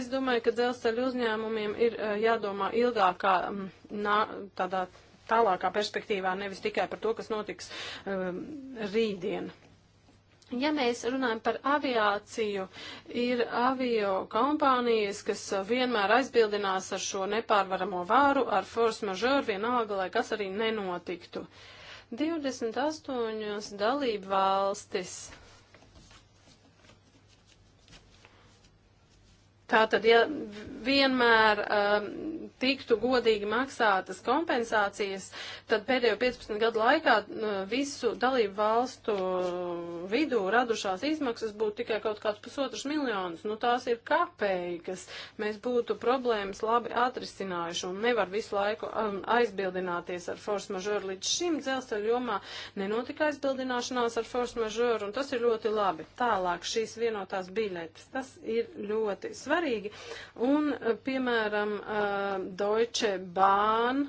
Speaker 2: Es domāju, ka dzelzceļu uzņēmumiem ir uh, jādomā ilgākā, um, nā, tādā tālākā perspektīvā, nevis tikai par to, kas notiks um, rītdien. Ja mēs runājam par aviāciju, ir avio kompānijas, kas vienmēr aizbildinās ar šo nepārvaramo vāru, ar force majeure, vienalga, lai kas arī nenotiktu. 28 dalību valstis Tātad, ja vienmēr um, tiktu godīgi maksātas kompensācijas, tad pēdējo 15 gadu laikā uh, visu dalību valstu vidū radušās izmaksas būtu tikai kaut kāds pusotrs miljonus. Nu, tās ir kapeikas. Mēs būtu problēmas labi atrisinājuši un nevar visu laiku um, aizbildināties ar force majeure. Līdz šim dzelzceļa jomā nenotika aizbildināšanās ar force majeure, un tas ir ļoti labi. Tālāk šīs vienotās biļetes. Tas ir ļoti svarīgi svarīgi. Un, eh, piemēram, eh, Deutsche Bahn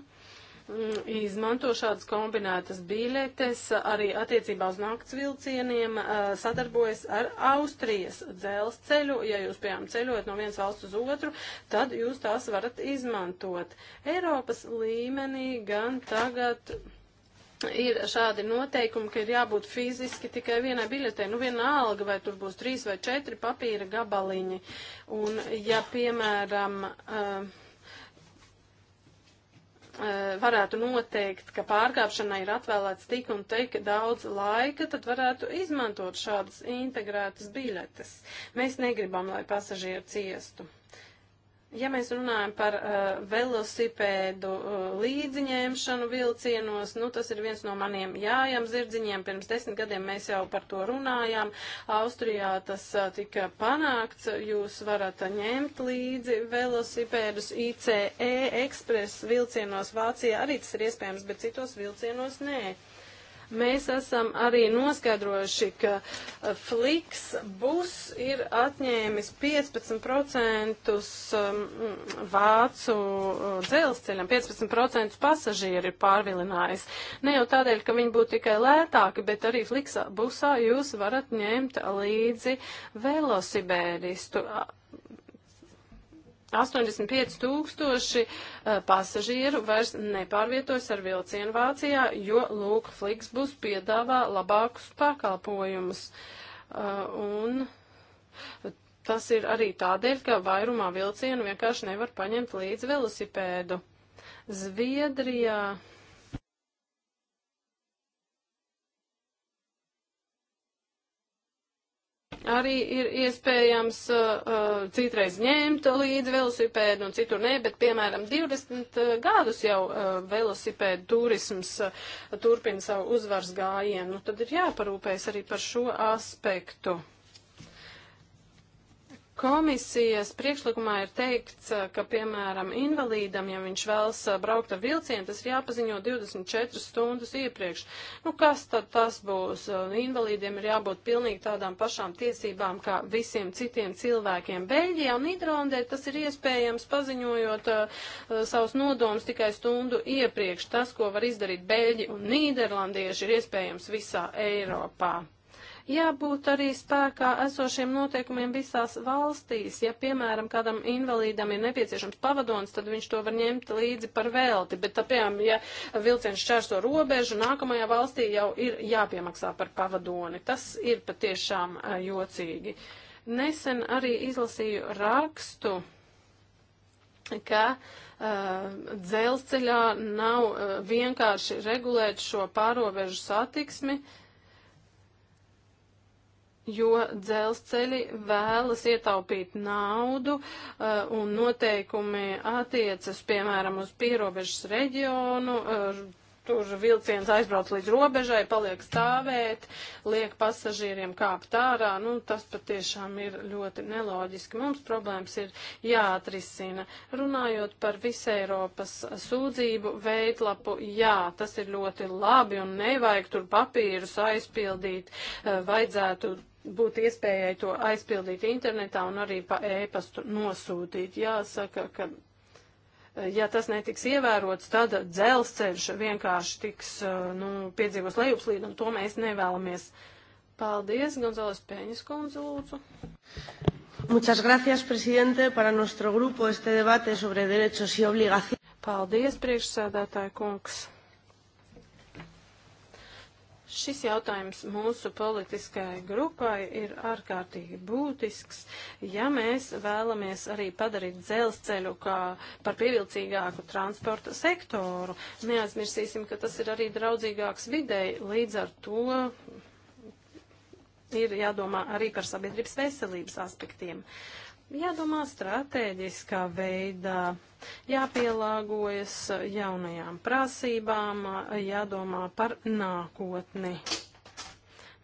Speaker 2: mm, izmanto šādas kombinētas biļetes arī attiecībā uz nakts vilcieniem, eh, sadarbojas ar Austrijas dzelzceļu. Ja jūs, piemēram, ceļojat no vienas valsts uz otru, tad jūs tās varat izmantot. Eiropas līmenī gan tagad ir šādi noteikumi, ka ir jābūt fiziski tikai vienai biļetei. Nu, vienalga, vai tur būs trīs vai četri papīra gabaliņi. Un, ja, piemēram, eh, eh, varētu noteikt, ka pārkāpšanai ir atvēlēts tik un tik daudz laika, tad varētu izmantot šādas integrētas biļetes. Mēs negribam, lai pasažieri ciestu. Ja mēs runājam par uh, velosipēdu uh, eh, līdziņēmšanu vilcienos, nu tas ir viens no maniem jājām zirdziņiem. Pirms desmit gadiem mēs jau par to runājām. Austrijā tas uh, tika panākts. Jūs varat uh, ņemt līdzi velosipēdus ICE ekspres vilcienos. Vācijā arī tas ir iespējams, bet citos vilcienos nē. Uh, Mēs esam arī noskaidrojuši, ka uh, Flix bus ir atņēmis 15% um, vācu uh, dzelzceļam, 15% pasažieri ir pārvilinājis. Ne jau tādēļ, ka viņi būtu tikai lētāki, bet arī Flix busā jūs varat ņemt līdzi velosibēristu 85 tūkstoši uh, pasažieru vairs nepārvietojas ar vilcienu Vācijā, jo lūk, Flixbus piedāvā labākus pakalpojumus. Uh, un tas ir arī tādēļ, ka vairumā vilcienu vienkārši nevar paņemt līdz velosipēdu. Zviedrijā arī ir iespējams uh, uh, citreiz ņemt līdzi velosipēdu un citur nē, bet piemēram 20 uh, gadus jau uh, velosipēdu turisms uh, turpina savu uzvaras gājienu. Nu, tad ir jāparūpējas arī par šo aspektu. Komisijas priekšlikumā ir teikts, eh, ka, piemēram, invalīdam, ja viņš vēlas eh, braukt ar vilcienu, tas ir jāpaziņo 24 stundas iepriekš. Nu, kas tad tas būs? Eh, invalīdiem ir jābūt pilnīgi tādām pašām tiesībām kā visiem citiem cilvēkiem. Beļģijā un Nīderlandē tas ir iespējams paziņojot uh, savus nodomus tikai stundu iepriekš. Tas, ko var izdarīt Beļģi un Nīderlandieši, ir iespējams visā Eiropā jābūt arī spēkā esošiem noteikumiem visās valstīs. Ja, piemēram, kādam invalīdam ir nepieciešams pavadonis, tad viņš to var ņemt līdzi par velti. Bet, tā, piemēram, ja vilciens šķērso robežu, nākamajā valstī jau ir jāpiemaksā par pavadoni. Tas ir patiešām eh, jocīgi. Nesen arī izlasīju rakstu, ka uh, dzelzceļā nav uh, vienkārši regulēt šo pārobežu satiksmi. Uh, jo dzelzceļi vēlas ietaupīt naudu uh, un noteikumi attiecas, piemēram, uz pierobežas reģionu. Uh, tur vilciens aizbrauc līdz robežai, paliek stāvēt, liek pasažieriem kāpt ārā. Nu, tas patiešām ir ļoti neloģiski. Mums problēmas ir jāatrisina. Runājot par visu Eiropas sūdzību veidlapu, jā, tas ir ļoti labi un nevajag tur papīrus aizpildīt. Uh, vajadzētu būtu iespējai to aizpildīt internetā un arī pa ēpastu nosūtīt. Jāsaka, ka, e, ja tas netiks ievērots, tad dzelzceļš vienkārši tiks, e, nu, piedzīvos lejupslīd, un to mēs nevēlamies. Paldies, Gonzales Pēņas kundze, lūdzu. Muchas gracias, presidente. Para nuestro grupo este debate sobre derechos y obligaciones. Paldies, priekšsēdētāji kungs. Šis jautājums mūsu politiskajai grupai ir ārkārtīgi būtisks, ja mēs vēlamies arī padarīt dzelzceļu kā par pievilcīgāku transporta sektoru. Neaizmirsīsim, ka tas ir arī draudzīgāks videi, līdz ar to ir jādomā arī par sabiedrības veselības aspektiem. Uh, jādomā strateģiskā veidā, jāpielāgojas jaunajām prasībām, jādomā par nākotni.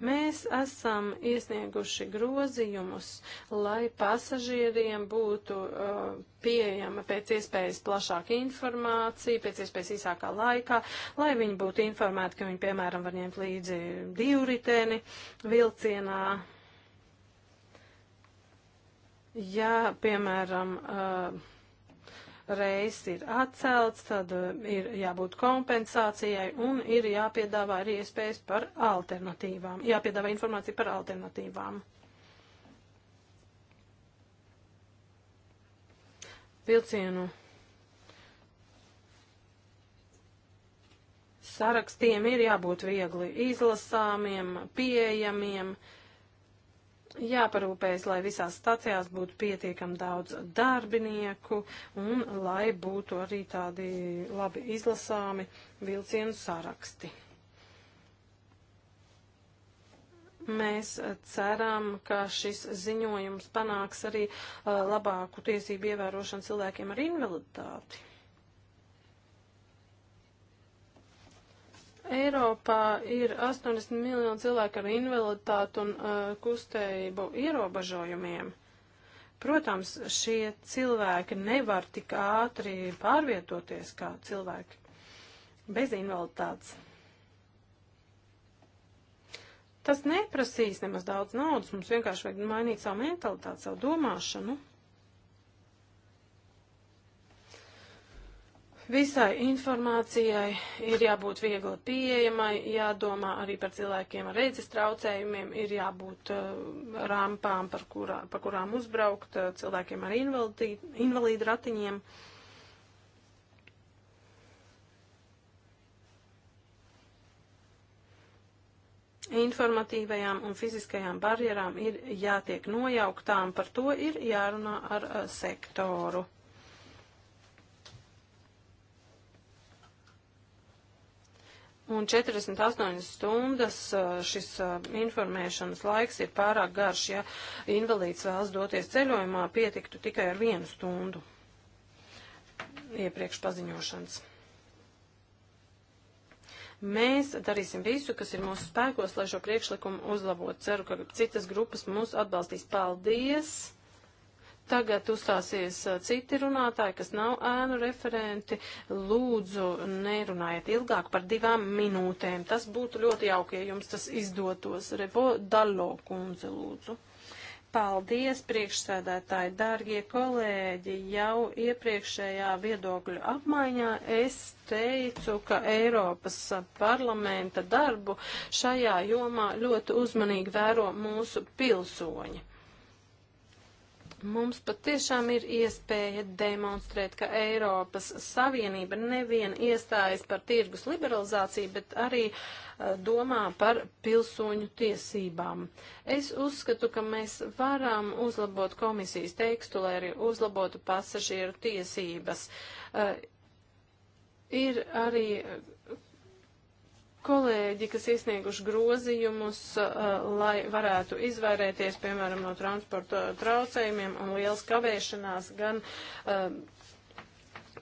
Speaker 2: Mēs esam iesnieguši grozījumus, lai pasažieriem būtu uh, pieejama pēc iespējas plašāka informācija, pēc iespējas īsākā laikā, lai viņi būtu informēti, ka viņi, piemēram, var ņemt līdzi divriteni vilcienā, Ja, piemēram, reizes ir atcelts, tad ir jābūt kompensācijai un ir jāpiedāvā arī iespējas par alternatīvām, jāpiedāvā informācija par alternatīvām. Vilcienu sarakstiem ir jābūt viegli izlasāmiem, pieejamiem. Uh, jāparūpējas, lai visās stacijās būtu pietiekam daudz darbinieku un lai būtu arī tādi labi izlasāmi vilcienu saraksti. Mēs eh, ceram, ka šis ziņojums panāks arī eh, labāku tiesību ievērošanu cilvēkiem ar invaliditāti. Eiropā ir 80 miljoni cilvēku ar invaliditātu un uh, kustējumu ierobežojumiem. Protams, šie cilvēki nevar tik ātri pārvietoties kā cilvēki bez invaliditātes. Tas neprasīs nemaz daudz naudas, mums vienkārši vajag mainīt savu mentalitāti, savu domāšanu. Nu? Visai informācijai ir jābūt viegli pieejamai, jādomā arī par cilvēkiem ar redzes traucējumiem, ir jābūt uh, rampām, par, kurā, par kurām uzbraukt, uh, cilvēkiem ar invalidī, invalīdu ratiņiem. Informatīvajām un fiziskajām barjerām ir jātiek nojauktām, par to ir jārunā ar uh, sektoru. Un 48 stundas uh, šis uh, informēšanas laiks ir pārāk garš, ja invalīds vēlas doties ceļojumā, pietiktu tikai ar vienu stundu iepriekš paziņošanas. Mēs darīsim visu, kas ir mūsu spēkos, lai šo priekšlikumu uzlabotu. Ceru, ka citas grupas mūs atbalstīs. Paldies! Tagad uzstāsies uh, citi runātāji, kas nav ēnu referenti. Lūdzu, nerunājiet ilgāk par divām minūtēm. Tas būtu ļoti jauki, ja jums tas izdotos. Revo Dallo kundze, lūdzu. Paldies, priekšsēdētāji, dārgie kolēģi! Jau iepriekšējā viedokļu apmaiņā es teicu, ka Eiropas parlamenta darbu šajā jomā ļoti uzmanīgi vēro mūsu pilsoņi. Mums patiešām ir iespēja demonstrēt, ka Eiropas Savienība nevien iestājas par tirgus liberalizāciju, bet arī eh, domā par pilsoņu tiesībām. Es uzskatu, ka mēs varam uzlabot komisijas tekstu, lai arī uzlabotu pasažieru tiesības. Eh, ir arī kolēģi, kas iesnieguši grozījumus, uh, lai varētu izvairēties, piemēram, no transporta uh, traucējumiem un lielas kavēšanās gan uh,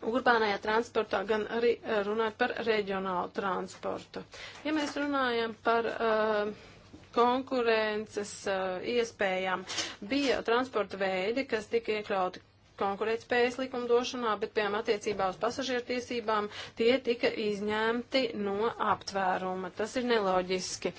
Speaker 2: urbānajā transportā, gan arī runāt par reģionālu transportu. Ja mēs runājam par uh, konkurences uh, iespējām, bija transporta veidi, kas tika iekļauti konkurētspējas likumdošanā, bet, piemēram, attiecībā uz pasažiertiesībām tie tika izņemti no aptvēruma. Tas ir neloģiski.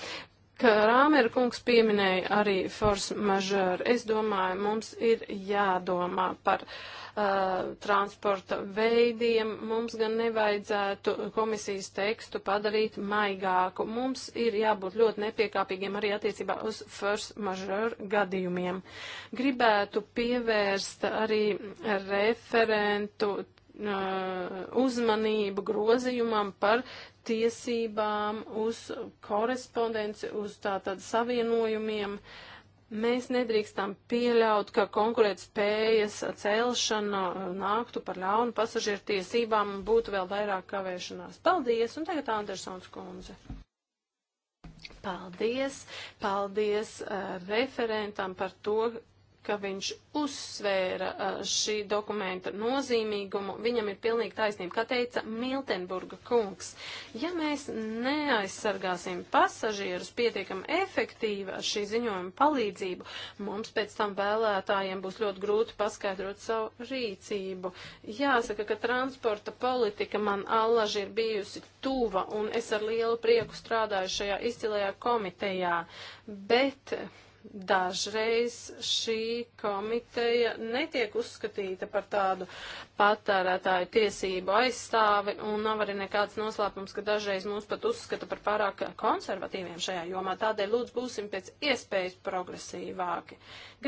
Speaker 2: Krāmera kungs pieminēja arī force majeure. Es domāju, mums ir jādomā par uh, transporta veidiem. Mums gan nevajadzētu komisijas tekstu padarīt maigāku. Mums ir jābūt ļoti nepiekāpīgiem arī attiecībā uz force majeure gadījumiem. Gribētu pievērst arī referentu uh, uzmanību grozījumam par tiesībām, uz korespondenci, uz tātad savienojumiem. Mēs nedrīkstam pieļaut, ka konkurētspējas celšana nāktu par ļaunu pasažieru tiesībām un būtu vēl vairāk kavēšanās. Paldies, un tagad Andersons kundze. Paldies, paldies uh, referentam par to, ka viņš uzsvēra uh, šī dokumenta nozīmīgumu. Viņam ir pilnīgi taisnība, kā teica Miltenburga kungs. Ja mēs neaizsargāsim pasažierus pietiekam efektīvi ar šī ziņojuma palīdzību, mums pēc tam vēlētājiem būs ļoti grūti paskaidrot savu rīcību. Jāsaka, ka transporta politika man allaži ir bijusi tuva, un es ar lielu prieku strādāju šajā izcilajā komitejā. Bet Dažreiz šī komiteja netiek uzskatīta par tādu patērētāju tiesību aizstāvi, un nav arī nekāds noslēpums, ka dažreiz mūs pat uzskata par pārāk konservatīviem šajā jomā. Tādēļ lūdzu būsim pēc iespējas progresīvāki.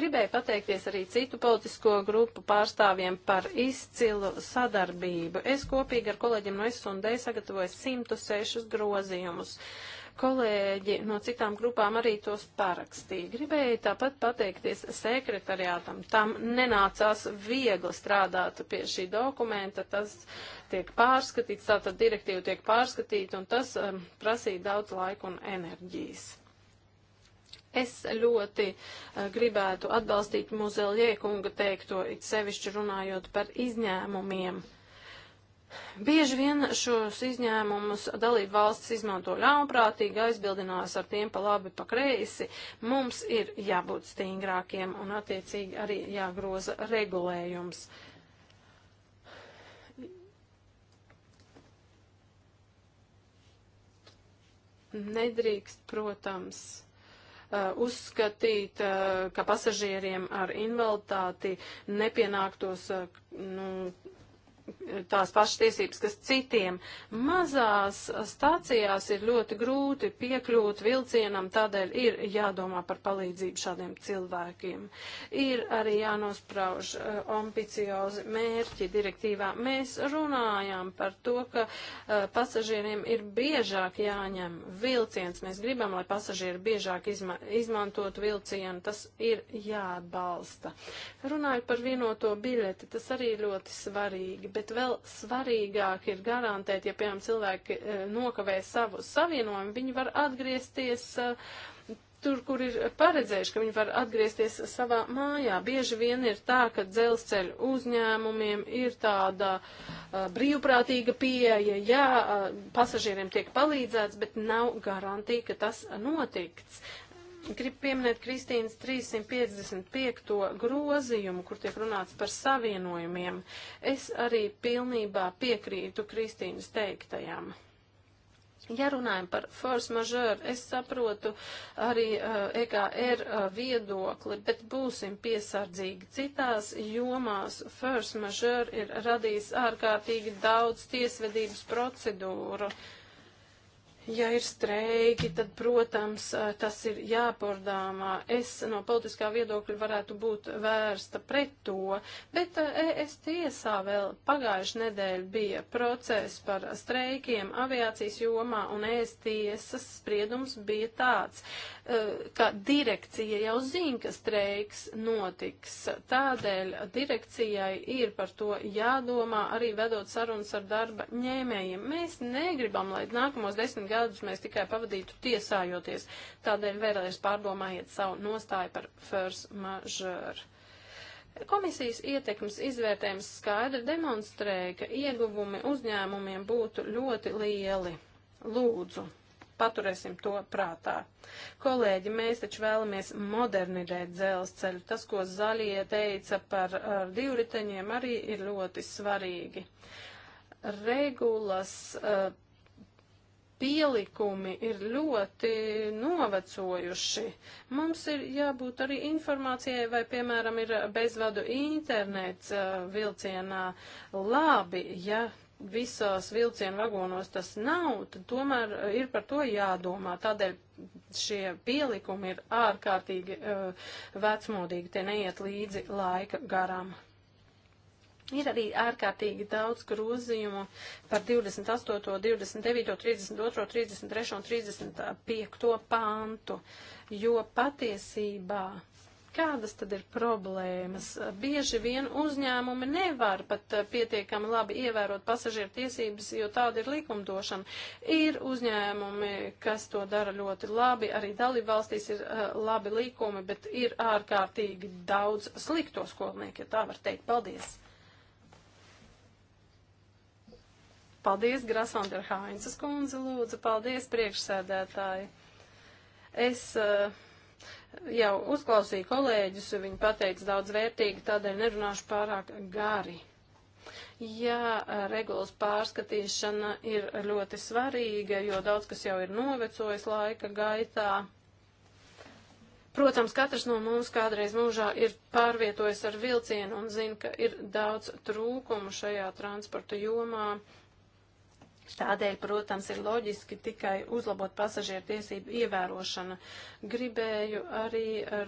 Speaker 2: Gribēju pateikties arī citu politisko grupu pārstāvjiem par izcilu sadarbību. Es kopīgi ar kolēģiem no S&D sagatavoju 106 grozījumus. Uh, kolēģi no citām grupām arī tos parakstīja. Gribēju tāpat pateikties sekretariātam. Tam nenācās viegli strādāt pie šī dokumenta. Tas tiek pārskatīts, tātad direktīva tiek pārskatīta, un tas um, prasīja daudz laika un enerģijas. Es ļoti uh, gribētu atbalstīt Muzeļie kunga teikto, it sevišķi runājot par izņēmumiem. Uh, Bieži vien šos izņēmumus dalību valsts izmanto ļaunprātīgi, aizbildinās ar tiem pa labi, pa kreisi. Mums ir jābūt stingrākiem un attiecīgi arī jāgroza regulējums. Nedrīkst, protams, uh, uzskatīt, uh, ka pasažieriem ar invaliditāti nepienāktos uh, nu, tās pašas tiesības, kas citiem. Mazās stācijās ir ļoti grūti piekļūt vilcienam, tādēļ ir jādomā par palīdzību šādiem cilvēkiem. Ir arī jānosprauž uh, ambiciozi mērķi direktīvā. Mēs runājām par to, ka uh, pasažieriem ir biežāk jāņem vilciens. Mēs gribam, lai pasažieri biežāk izma izmantot vilcienu. Tas ir jāatbalsta. Runājot par vienoto biļeti, tas arī ļoti svarīgi bet vēl svarīgāk ir garantēt, ja, piemēram, cilvēki eh, nokavē savu savienojumu, viņi var atgriezties eh, tur, kur ir paredzējuši, ka viņi var atgriezties savā mājā. Bieži vien ir tā, ka dzelzceļu uzņēmumiem ir tāda uh, brīvprātīga pieeja, jā, uh, pasažieriem tiek palīdzēts, bet nav garantija, ka tas notiks. Gribu pieminēt Kristīnas 355. grozījumu, kur tiek runāts par savienojumiem. Es arī pilnībā piekrītu Kristīnas teiktajam. Ja runājam par force majeure, es saprotu arī uh, eh, EKR uh, eh, viedokli, bet būsim piesardzīgi. Citās jomās force majeure ir radījis ārkārtīgi daudz tiesvedības procedūru. Uh, Ja ir streiki, tad, protams, eh, tas ir jāpordāmā. Es no politiskā viedokļa varētu būt vērsta pret to, bet es eh, e tiesā vēl pagājuši nedēļa bija process par streikiem aviācijas jomā, un es tiesas spriedums bija tāds. Eh, ka direkcija jau zina, ka streiks notiks. Tādēļ direkcijai ir par to jādomā arī vedot sarunas ar darba ņēmējiem. Mēs negribam, lai nākamos desmit gadus mēs tikai pavadītu tiesājoties. Tādēļ vēlreiz pārdomājiet savu nostāju par first majeure. Komisijas ietekmes izvērtējums skaidri demonstrēja, ka ieguvumi uzņēmumiem būtu ļoti lieli. Lūdzu, Paturēsim to prātā. Kolēģi, mēs taču vēlamies modernizēt dzelzceļu. Tas, ko zaļie teica par divriteņiem, arī ir ļoti svarīgi. Regulas uh, pielikumi ir ļoti novecojuši. Mums ir jābūt arī informācijai, vai, piemēram, ir bezvadu internets eh, vilcienā labi, ja visos vilcienu vagonos tas nav, tad tomēr eh, ir par to jādomā. Tādēļ šie pielikumi ir ārkārtīgi uh, vecmodīgi, tie neiet līdzi laika garām. Ir arī ārkārtīgi daudz grozījumu par 28, 29, 32, 33 un 35 pantu, jo patiesībā Kādas tad ir problēmas? Bieži vien uzņēmumi nevar pat eh, pietiekami labi ievērot pasažieru tiesības, jo tāda ir likumdošana. Ir uzņēmumi, kas to dara ļoti labi, arī dalībvalstīs ir uh, labi likumi, bet ir ārkārtīgi daudz slikto skolnieku, ja tā var teikt. Paldies! Paldies, Grasvander Hainsas kundze, lūdzu, paldies priekšsēdētāji. Es uh, jau uzklausīju kolēģus, viņi pateica daudz vērtīgi, tādēļ nerunāšu pārāk gari. Jā, regulas pārskatīšana ir ļoti svarīga, jo daudz kas jau ir novecojis laika gaitā. Protams, katrs no mums kādreiz mūžā ir pārvietojis ar vilcienu un zina, ka ir daudz trūkumu šajā transporta jomā. Tādēļ, protams, ir loģiski tikai uzlabot pasažieru tiesību ievērošanu. Gribēju arī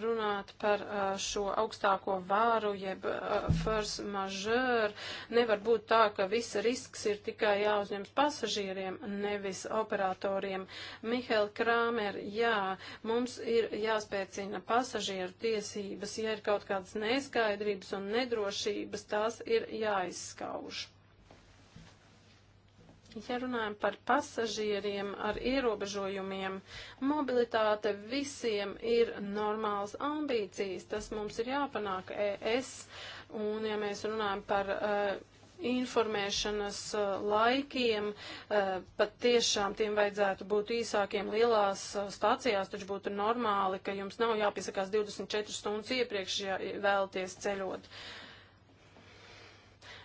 Speaker 2: runāt par šo augstāko vāru, jeb force majeure. Nevar būt tā, ka viss risks ir tikai jāuzņems pasažieriem, nevis operatoriem. Mihēl Krāmer, jā, mums ir jāspēcina pasažieru tiesības, ja ir kaut kādas neskaidrības un nedrošības, tās ir jāizskauž. Ja runājam par pasažieriem ar ierobežojumiem, mobilitāte visiem ir normāls ambīcijas, tas mums ir jāpanāk ES, un ja mēs runājam par uh, informēšanas uh, laikiem, uh, pat tiešām tiem vajadzētu būt īsākiem lielās uh, stācijās, taču būtu normāli, ka jums nav jāpiesakās 24 stundas iepriekš, ja vēlaties ceļot. Uh,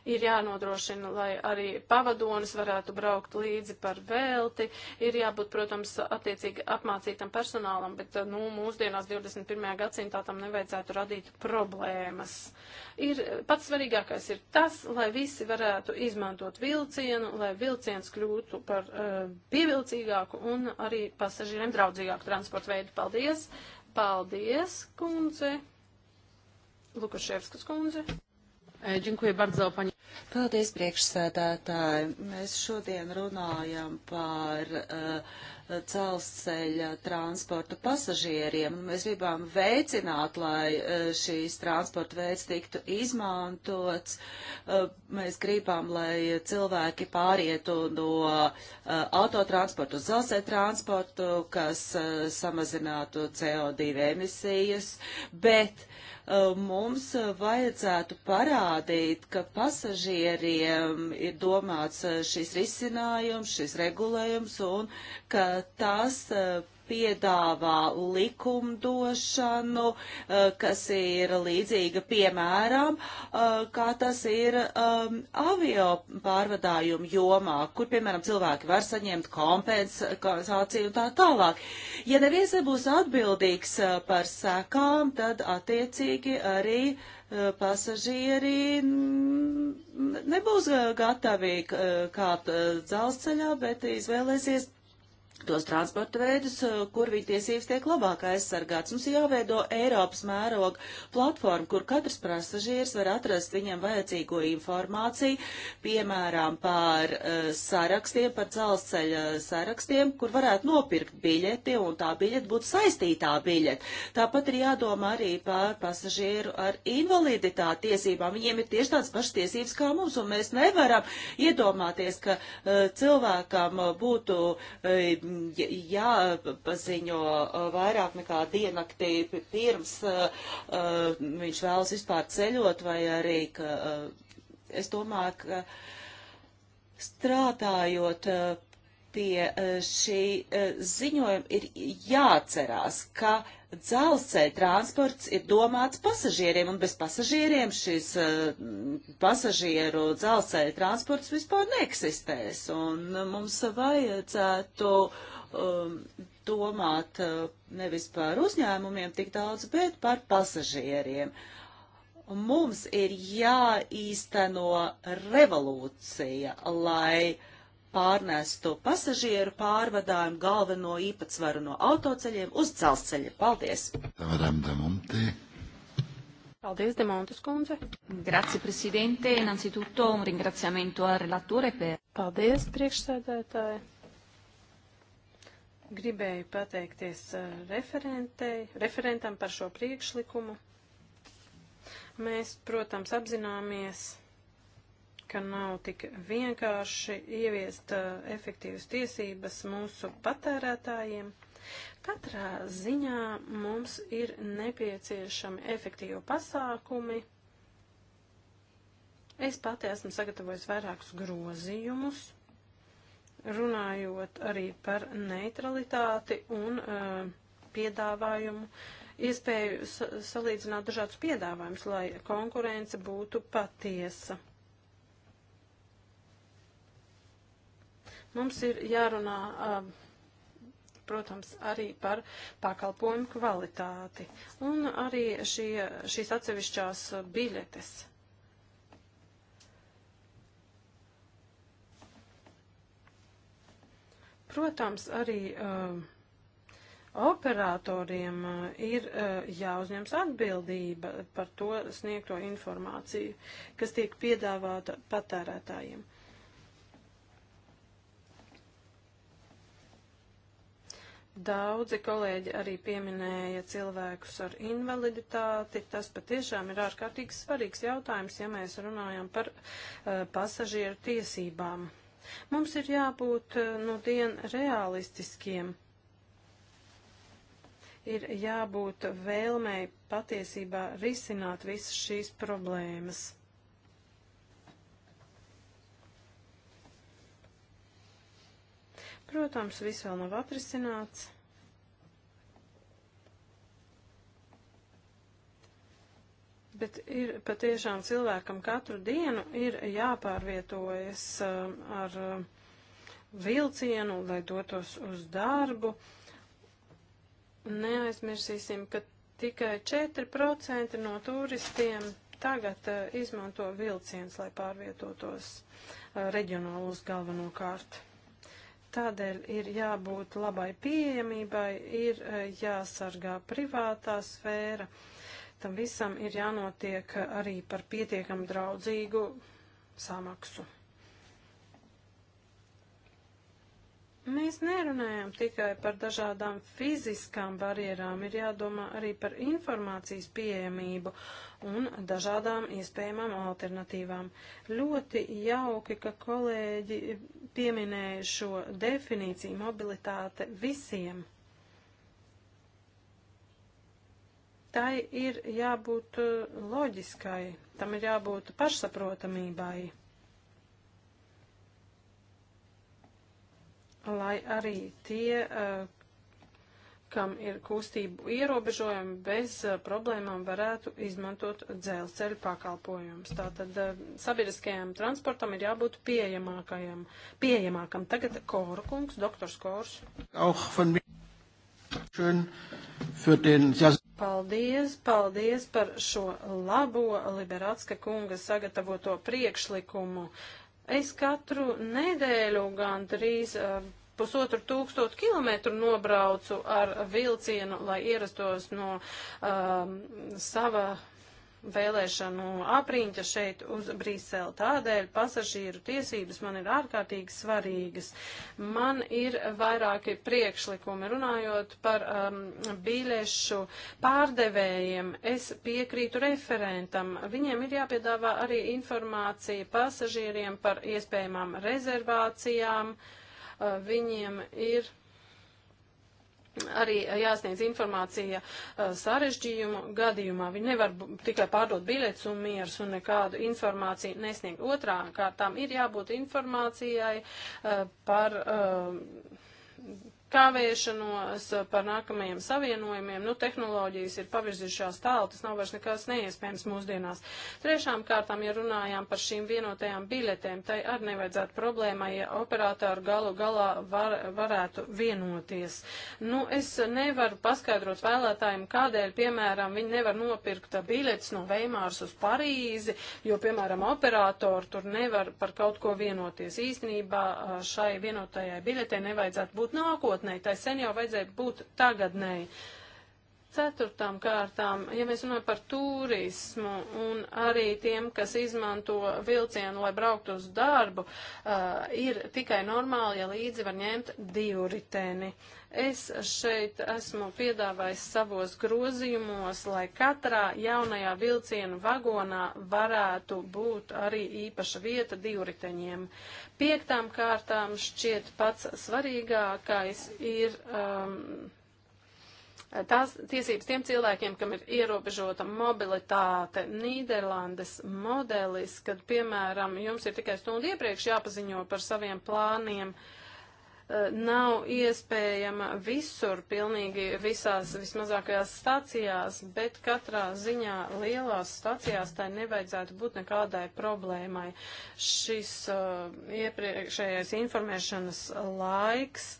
Speaker 2: ir jānodrošina, lai arī pavadonis varētu braukt līdzi par velti, ir jābūt, protams, attiecīgi apmācītam personālam, bet, nu, mūsdienās 21. gadsimtā tam nevajadzētu radīt problēmas. Ir, pats svarīgākais ir tas, lai visi varētu izmantot vilcienu, lai vilciens kļūtu par uh, pievilcīgāku un arī pasažieriem draudzīgāku transportu veidu. Paldies! Paldies, kundze!
Speaker 3: Lukaszewska skundze. E, dziękuję bardzo pani. Paldies, priekšsēdētāji. Mēs šodien runājam par uh, eh, celsceļa transportu pasažieriem. Mēs gribam veicināt, lai uh, šīs transporta veids tiktu izmantots. Uh, mēs gribam, lai cilvēki pārietu no autotransportu uz dzelzceļa transportu, kas samazinātu CO2 emisijas, bet mums vajadzētu parādīt, ka pasažieriem ir domāts šis risinājums, šis regulējums un ka tas piedāvā likumdošanu, eh, kas ir līdzīga piemēram, eh, kā tas ir ehm, avio pārvadājumu jomā, kur, piemēram, cilvēki var saņemt kompensāciju un tā tālāk. Ja neviens nebūs atbildīgs eh, par sekām, tad attiecīgi arī pasažieri nebūs gatavi kāpt dzelzceļā, bet izvēlēsies tos transporta veidus, eh, kur viņa tiesības tiek labāk aizsargāts. Mums jāveido Eiropas mēroga platforma, kur katrs pasažieris var atrast viņam vajadzīgo informāciju, piemēram, par uh, sarakstiem, par dzelzceļa eh, sarakstiem, kur varētu nopirkt biļeti, un tā biļete būtu saistītā biļete. Tāpat ir jādomā arī par pasažieru ar invaliditāti tiesībām. Viņiem ir tieši tādas pašas tiesības kā mums, un mēs nevaram iedomāties, ka uh, cilvēkam būtu uh, jāpaziņo uh, vairāk nekā dienaktī pirms uh, uh, viņš vēlas vispār ceļot, vai arī, ka es domāju, ka strādājot pie eh, šī eh, ziņojuma ir jāatcerās, ka dzelzceļa transports ir domāts pasažieriem, un bez pasažieriem šis eh, pasažieru dzelzceļa transports vispār neeksistēs. Un mums vajadzētu um, domāt nevis par uzņēmumiem tik daudz, bet par pasažieriem. Mums ir jāīsteno revolūcija, lai uh, pārnestu pasažieru pārvadājumu galveno īpatsvaru no autoceļiem uz dzelzceļa. Paldies!
Speaker 2: Paldies, Demontas kundze. Grazie, Presidente. Innanzitutto un ringraziamento al relatore per. Paldies, priekšsēdētāji. Gribēju pateikties eh, referentam par šo priekšlikumu. Mēs, protams, apzināmies ka nav tik vienkārši ieviest uh, efektīvas tiesības mūsu patērētājiem. Katrā ziņā mums ir nepieciešami efektīvi pasākumi. Es pati esmu sagatavojis vairākus grozījumus, runājot arī par neutralitāti un uh, piedāvājumu uh, iespēju salīdzināt dažādus piedāvājumus, lai konkurence būtu patiesa. Mums ir jārunā, um, protams, arī par pakalpojumu kvalitāti un arī šie, šīs atsevišķās biļetes. Protams, arī um, uh, operatoriem ir uh, jāuzņems atbildība par to sniegto informāciju, kas tiek piedāvāta patērētājiem. Daudzi kolēģi arī pieminēja cilvēkus ar invaliditāti. Tas patiešām ir ārkārtīgi svarīgs jautājums, ja mēs runājam par uh, pasažieru tiesībām. Mums ir jābūt uh, eh, no nu, dien realistiskiem. Ir jābūt vēlmei patiesībā risināt visas šīs problēmas. Protams, viss vēl nav atrisināts. Bet ir patiešām cilvēkam katru dienu ir jāpārvietojas um, ar um, vilcienu, lai dotos uz darbu. Neaizmirsīsim, ka tikai 4% no turistiem tagad uh, izmanto vilciens, lai pārvietotos uh, reģionālus galvenokārt. Tādēļ ir jābūt labai pieejamībai, ir eh, jāsargā privātā sfēra. Tam visam ir jānotiek eh, arī par pietiekam draudzīgu samaksu. Mēs nerunājam tikai par dažādām fiziskām barjerām, ir jādomā arī par informācijas pieejamību un dažādām iespējamām alternatīvām. Ļoti jauki, ka kolēģi pieminēja šo definīciju mobilitāte visiem. Tai ir jābūt eh, loģiskai, tam ir jābūt pašsaprotamībai. lai arī tie, eh, kam ir kustību ierobežojumi, bez eh, problēmām varētu izmantot dzelzceļa pakalpojumus. Tātad eh, sabiedriskajam transportam ir jābūt pieejamākajam. pieejamākam. Tagad Kora kungs, doktors Kors. Paldies, paldies par šo labo Liberatska kunga sagatavoto priekšlikumu. Uh, Es katru nedēļu gandrīz eh, pusotru tūkstotu kilometru nobraucu ar vilcienu, lai ierastos no um, sava vēlēšanu apriņķa šeit uz Brīseli. Tādēļ pasažīru tiesības man ir ārkārtīgi svarīgas. Man ir vairāki priekšlikumi. Runājot par um, biļešu pārdevējiem, es piekrītu referentam. Viņiem ir jāpiedāvā arī informācija pasažīriem par iespējamām rezervācijām. Uh, viņiem ir arī jāsniedz informācija uh, sarežģījumu gadījumā. Viņi nevar tikai pārdot biļetes un mieras un nekādu informāciju nesniegt. Otrā kārtām ir jābūt informācijai uh, par uh, kavēšanos eh, par nākamajiem savienojumiem. Nu, tehnoloģijas ir pavirzījušās tālu, tas nav vairs nekas neiespējams mūsdienās. Trešām kārtām, ja runājām par šīm vienotajām biļetēm, tai arī nevajadzētu problēmai, ja operātori galu galā var, varētu vienoties. Nu, es nevaru paskaidrot vēlētājiem, kādēļ, piemēram, viņi nevar nopirkt biļetes no Veimāras uz Parīzi, jo, piemēram, operātori tur nevar par kaut ko vienoties. Īstenībā eh, šai vienotajai biļetē nevajadzētu būt nākotnē nākotnē, tai sen jau vajadzēja būt tagadnēji. Uh, Ceturtām kārtām, ja mēs runājam par turismu un arī tiem, kas izmanto vilcienu, lai brauktu uz darbu, uh, ir tikai normāli, ja līdzi var ņemt divu riteni. Es šeit esmu piedāvājis savos grozījumos, lai katrā jaunajā vilcienu vagonā varētu būt arī īpaša vieta divriteņiem. Piektām kārtām šķiet pats svarīgākais ir. Um, tās tiesības tiem cilvēkiem, kam ir ierobežota mobilitāte. Nīderlandes modelis, kad, piemēram, jums ir tikai stundu iepriekš jāpaziņo par saviem plāniem, e, nav iespējama visur, pilnīgi visās vismazākajās stacijās, bet katrā ziņā lielās stacijās tai nevajadzētu būt nekādai problēmai. Šis uh, iepriekšējais informēšanas laiks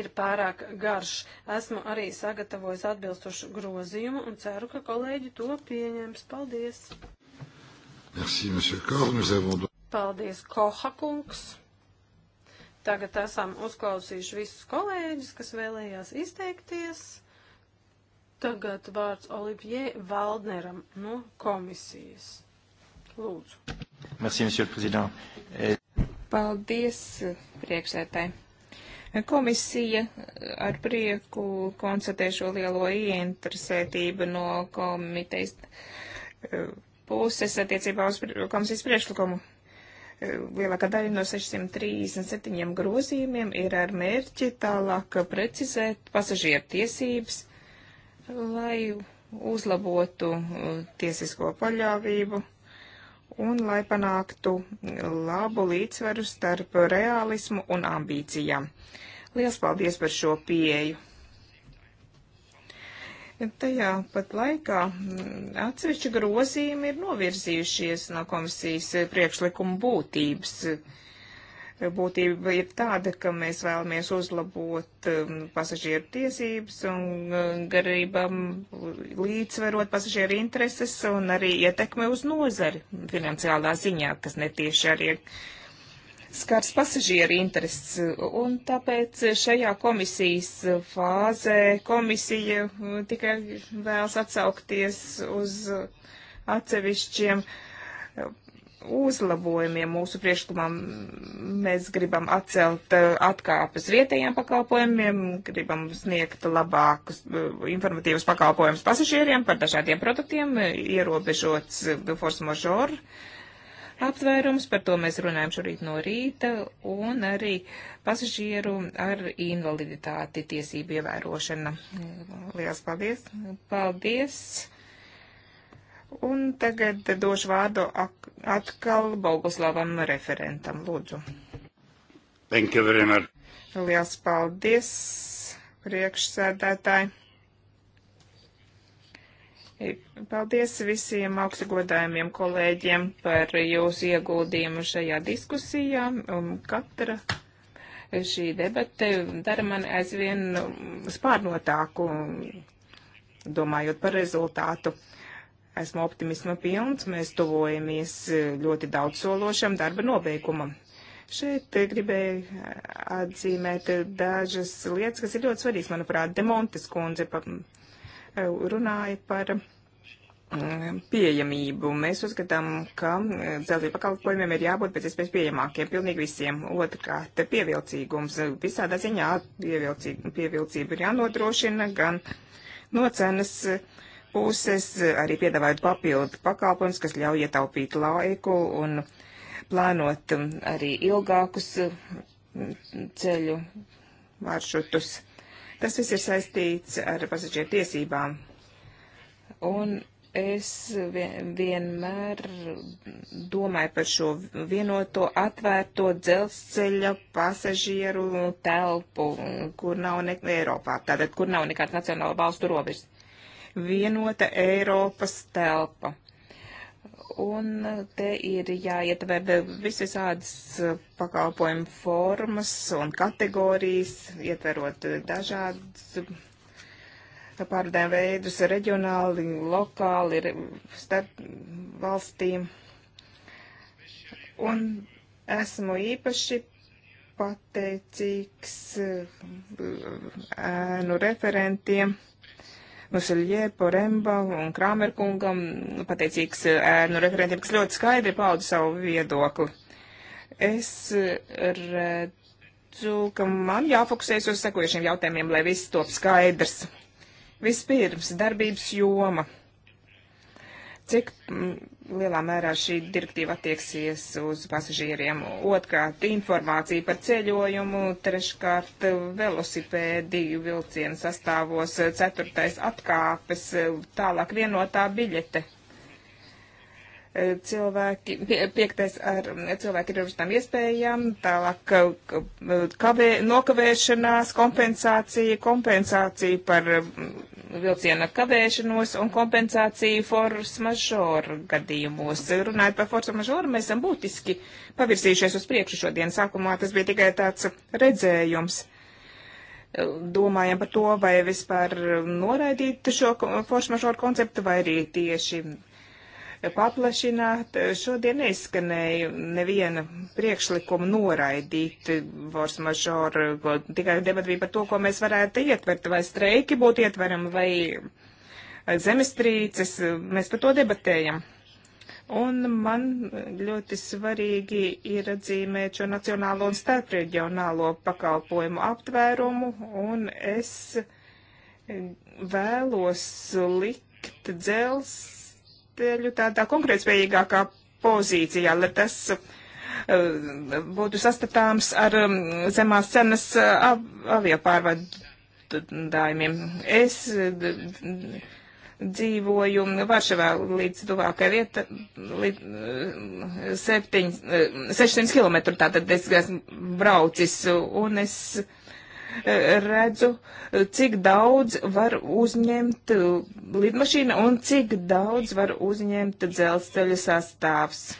Speaker 2: ir pārāk garš. Esmu arī sagatavojis atbilstošu grozījumu un ceru, ka kolēģi to pieņems. Paldies!
Speaker 1: Merci, Koch, avons...
Speaker 2: Paldies, Koha kungs! Tagad esam uzklausījuši visus kolēģus, kas vēlējās izteikties. Tagad vārds Olivier
Speaker 4: Valdneram no komisijas. Lūdzu. Merci, monsieur le président. Paldies, priekšsētāji. Komisija eh, ar prieku konstatē šo lielo ieinteresētību no komitejas eh, puses attiecībā uz komisijas priekšlikumu. Eh, lielākā daļa no 637 grozījumiem ir ar mērķi tālāk precizēt pasažieru tiesības, lai uzlabotu tiesisko paļāvību un lai panāktu labu līdzsvaru starp realismu un ambīcijām. Uh, Liels paldies par šo pieeju. Tajā pat laikā mm, atsevišķi grozījumi ir novirzījušies no komisijas priekšlikuma būtības. Būtība ir tāda, ka mēs vēlamies uzlabot mm, pasažieru tiesības un mm, garībam līdzsverot pasažieru intereses un arī ietekmi uz nozari finansiālā ziņā, kas netieši arī ir skars pasažieru intereses, un tāpēc šajā komisijas fāzē komisija uh, tikai vēlas atsaukties uz atsevišķiem uh, uzlabojumiem mūsu priekšlikumam. Mēs gribam atcelt uh, atkāpes vietējiem pakalpojumiem, gribam sniegt labākus informatīvus pakalpojumus pasažieriem par dažādiem produktiem, ierobežots force majeure aptvērums, par to mēs runājam šorīt no rīta, un arī pasažieru ar invaliditāti tiesību ievērošana. Lielas paldies! Paldies! Un tagad došu vārdu atkal Boguslavam referentam, lūdzu.
Speaker 1: Thank you very much.
Speaker 4: Lielas paldies, priekšsēdētāji. Paldies visiem augstgodājumiem kolēģiem par jūsu ieguldījumu šajā diskusijā. Un katra šī debate dara mani aizvien spārnotāku, domājot par rezultātu. Esmu optimisma pilns, mēs tuvojamies ļoti daudz sološam darba nobeigumam. Šeit gribēju atzīmēt dažas lietas, kas ir ļoti svarīgas, manuprāt, Demontes kundze runāja par um, pieejamību. Mēs uzskatām, ka um, dzelzceļa pakalpojumiem ir jābūt pēc iespējas pieejamākiem pilnīgi visiem. Otrkārt, pievilcīgums. Visādā ziņā pievilcība ir jānodrošina gan no cenas puses, arī piedāvājot papildu pakalpojumus, kas ļauj ietaupīt laiku un plānot um, arī ilgākus ceļu maršrutus. Tas viss ir saistīts ar pasažieru tiesībām. Un es vien, vienmēr domāju par šo vienoto atvērto dzelzceļa pasažieru telpu, kur nav ne Eiropā, tātad kur nav nekāds nacionāla valstu robežas. Vienota Eiropas telpa un te ir jāietver visvisādas uh, pakalpojumu formas un kategorijas, ietverot uh, dažādas uh, pārdēm veidus reģionāli, lokāli, starp valstīm. Un esmu īpaši pateicīgs ēnu referentiem Nuseļie, Poremba un Krāmerkungam, pateicīgs eh, ērnu referentiem, kas ļoti skaidri pauda savu viedokli. Es eh, redzu, ka man jāfokusēs uz sekojušiem jautājumiem, lai viss top skaidrs. Vispirms, darbības joma cik mm, lielā mērā šī direktīva attieksies uz pasažieriem. Otkārt, informācija par ceļojumu, treškārt, velosipēdi vilcienu sastāvos, ceturtais atkāpes, tālāk vienotā biļete E, cilvēki, pie, piektais ar cilvēku ierobežotām iespējām, tālāk e, kavē, nokavēšanās, kompensācija, kompensācija par vilciena kavēšanos un kompensācija force majeure gadījumos. Runājot par force majeure, mēs esam būtiski pavirsījušies uz priekšu šodien. Sākumā tas bija tikai tāds redzējums e, domājam par to, vai vispār noraidīt šo foršmažoru konceptu, vai arī tieši paplašināt. Šodien neizskanēja neviena priekšlikuma noraidīt vors mažoru, tikai debat bija par to, ko mēs varētu ietvert, vai streiki būtu ietveram, vai zemestrīces, mēs par to debatējam. Un man ļoti svarīgi ir atzīmēt šo nacionālo un starpreģionālo pakalpojumu aptvērumu, un es vēlos likt dzels dzelzceļu tādā konkrētspējīgākā pozīcijā, lai tas eh, būtu sastatāms ar um, zemās cenas eh, av aviopārvadājumiem. Es dzīvoju Varšavā līdz tuvākai vieta, līdz 7, 600 km, tātad es esmu braucis un es redzu, cik daudz var uzņemt lidmašīna un cik daudz var uzņemt dzelzceļa sastāvs.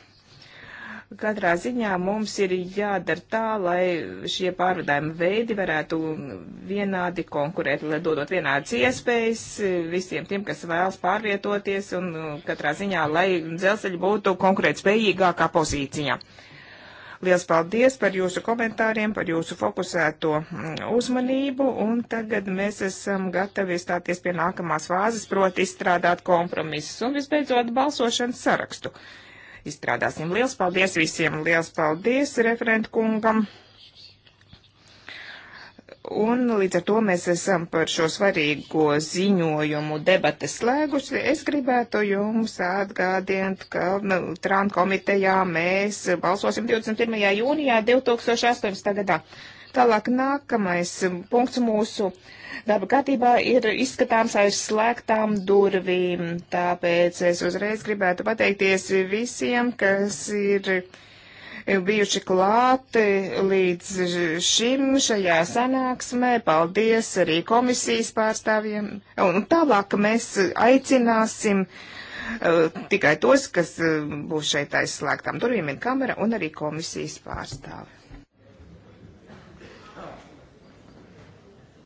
Speaker 4: Katrā ziņā mums ir jādara tā, lai šie pārvadājuma veidi varētu vienādi konkurēt, lai dodot vienādas iespējas visiem tiem, kas vēlas pārvietoties, un katrā ziņā, lai dzelzceļi būtu konkurētspējīgākā pozīcijā. Uh, Liels paldies par jūsu komentāriem, par jūsu fokusēto mm, uzmanību, un tagad mēs esam gatavi stāties pie nākamās fāzes, proti izstrādāt kompromisus un visbeidzot balsošanas sarakstu. Izstrādāsim. Liels paldies visiem! Liels paldies referentkungam! Un līdz ar to mēs esam par šo svarīgo ziņojumu debates slēguši. Es gribētu jums atgādināt, ka nu, Trānu komitejā mēs balsosim 21. jūnijā 2018. gadā. Tālāk nākamais punkts mūsu darba kārtībā ir izskatāms aiz slēgtām durvīm. Tāpēc es uzreiz gribētu pateikties visiem, kas ir bijuši klāti līdz šim šajā sanāksmē. Paldies arī komisijas pārstāvjiem. Un tālāk mēs aicināsim uh, tikai tos, kas eh, būs šeit aizslēgtām durvīm, ir kamera un arī komisijas pārstāvi.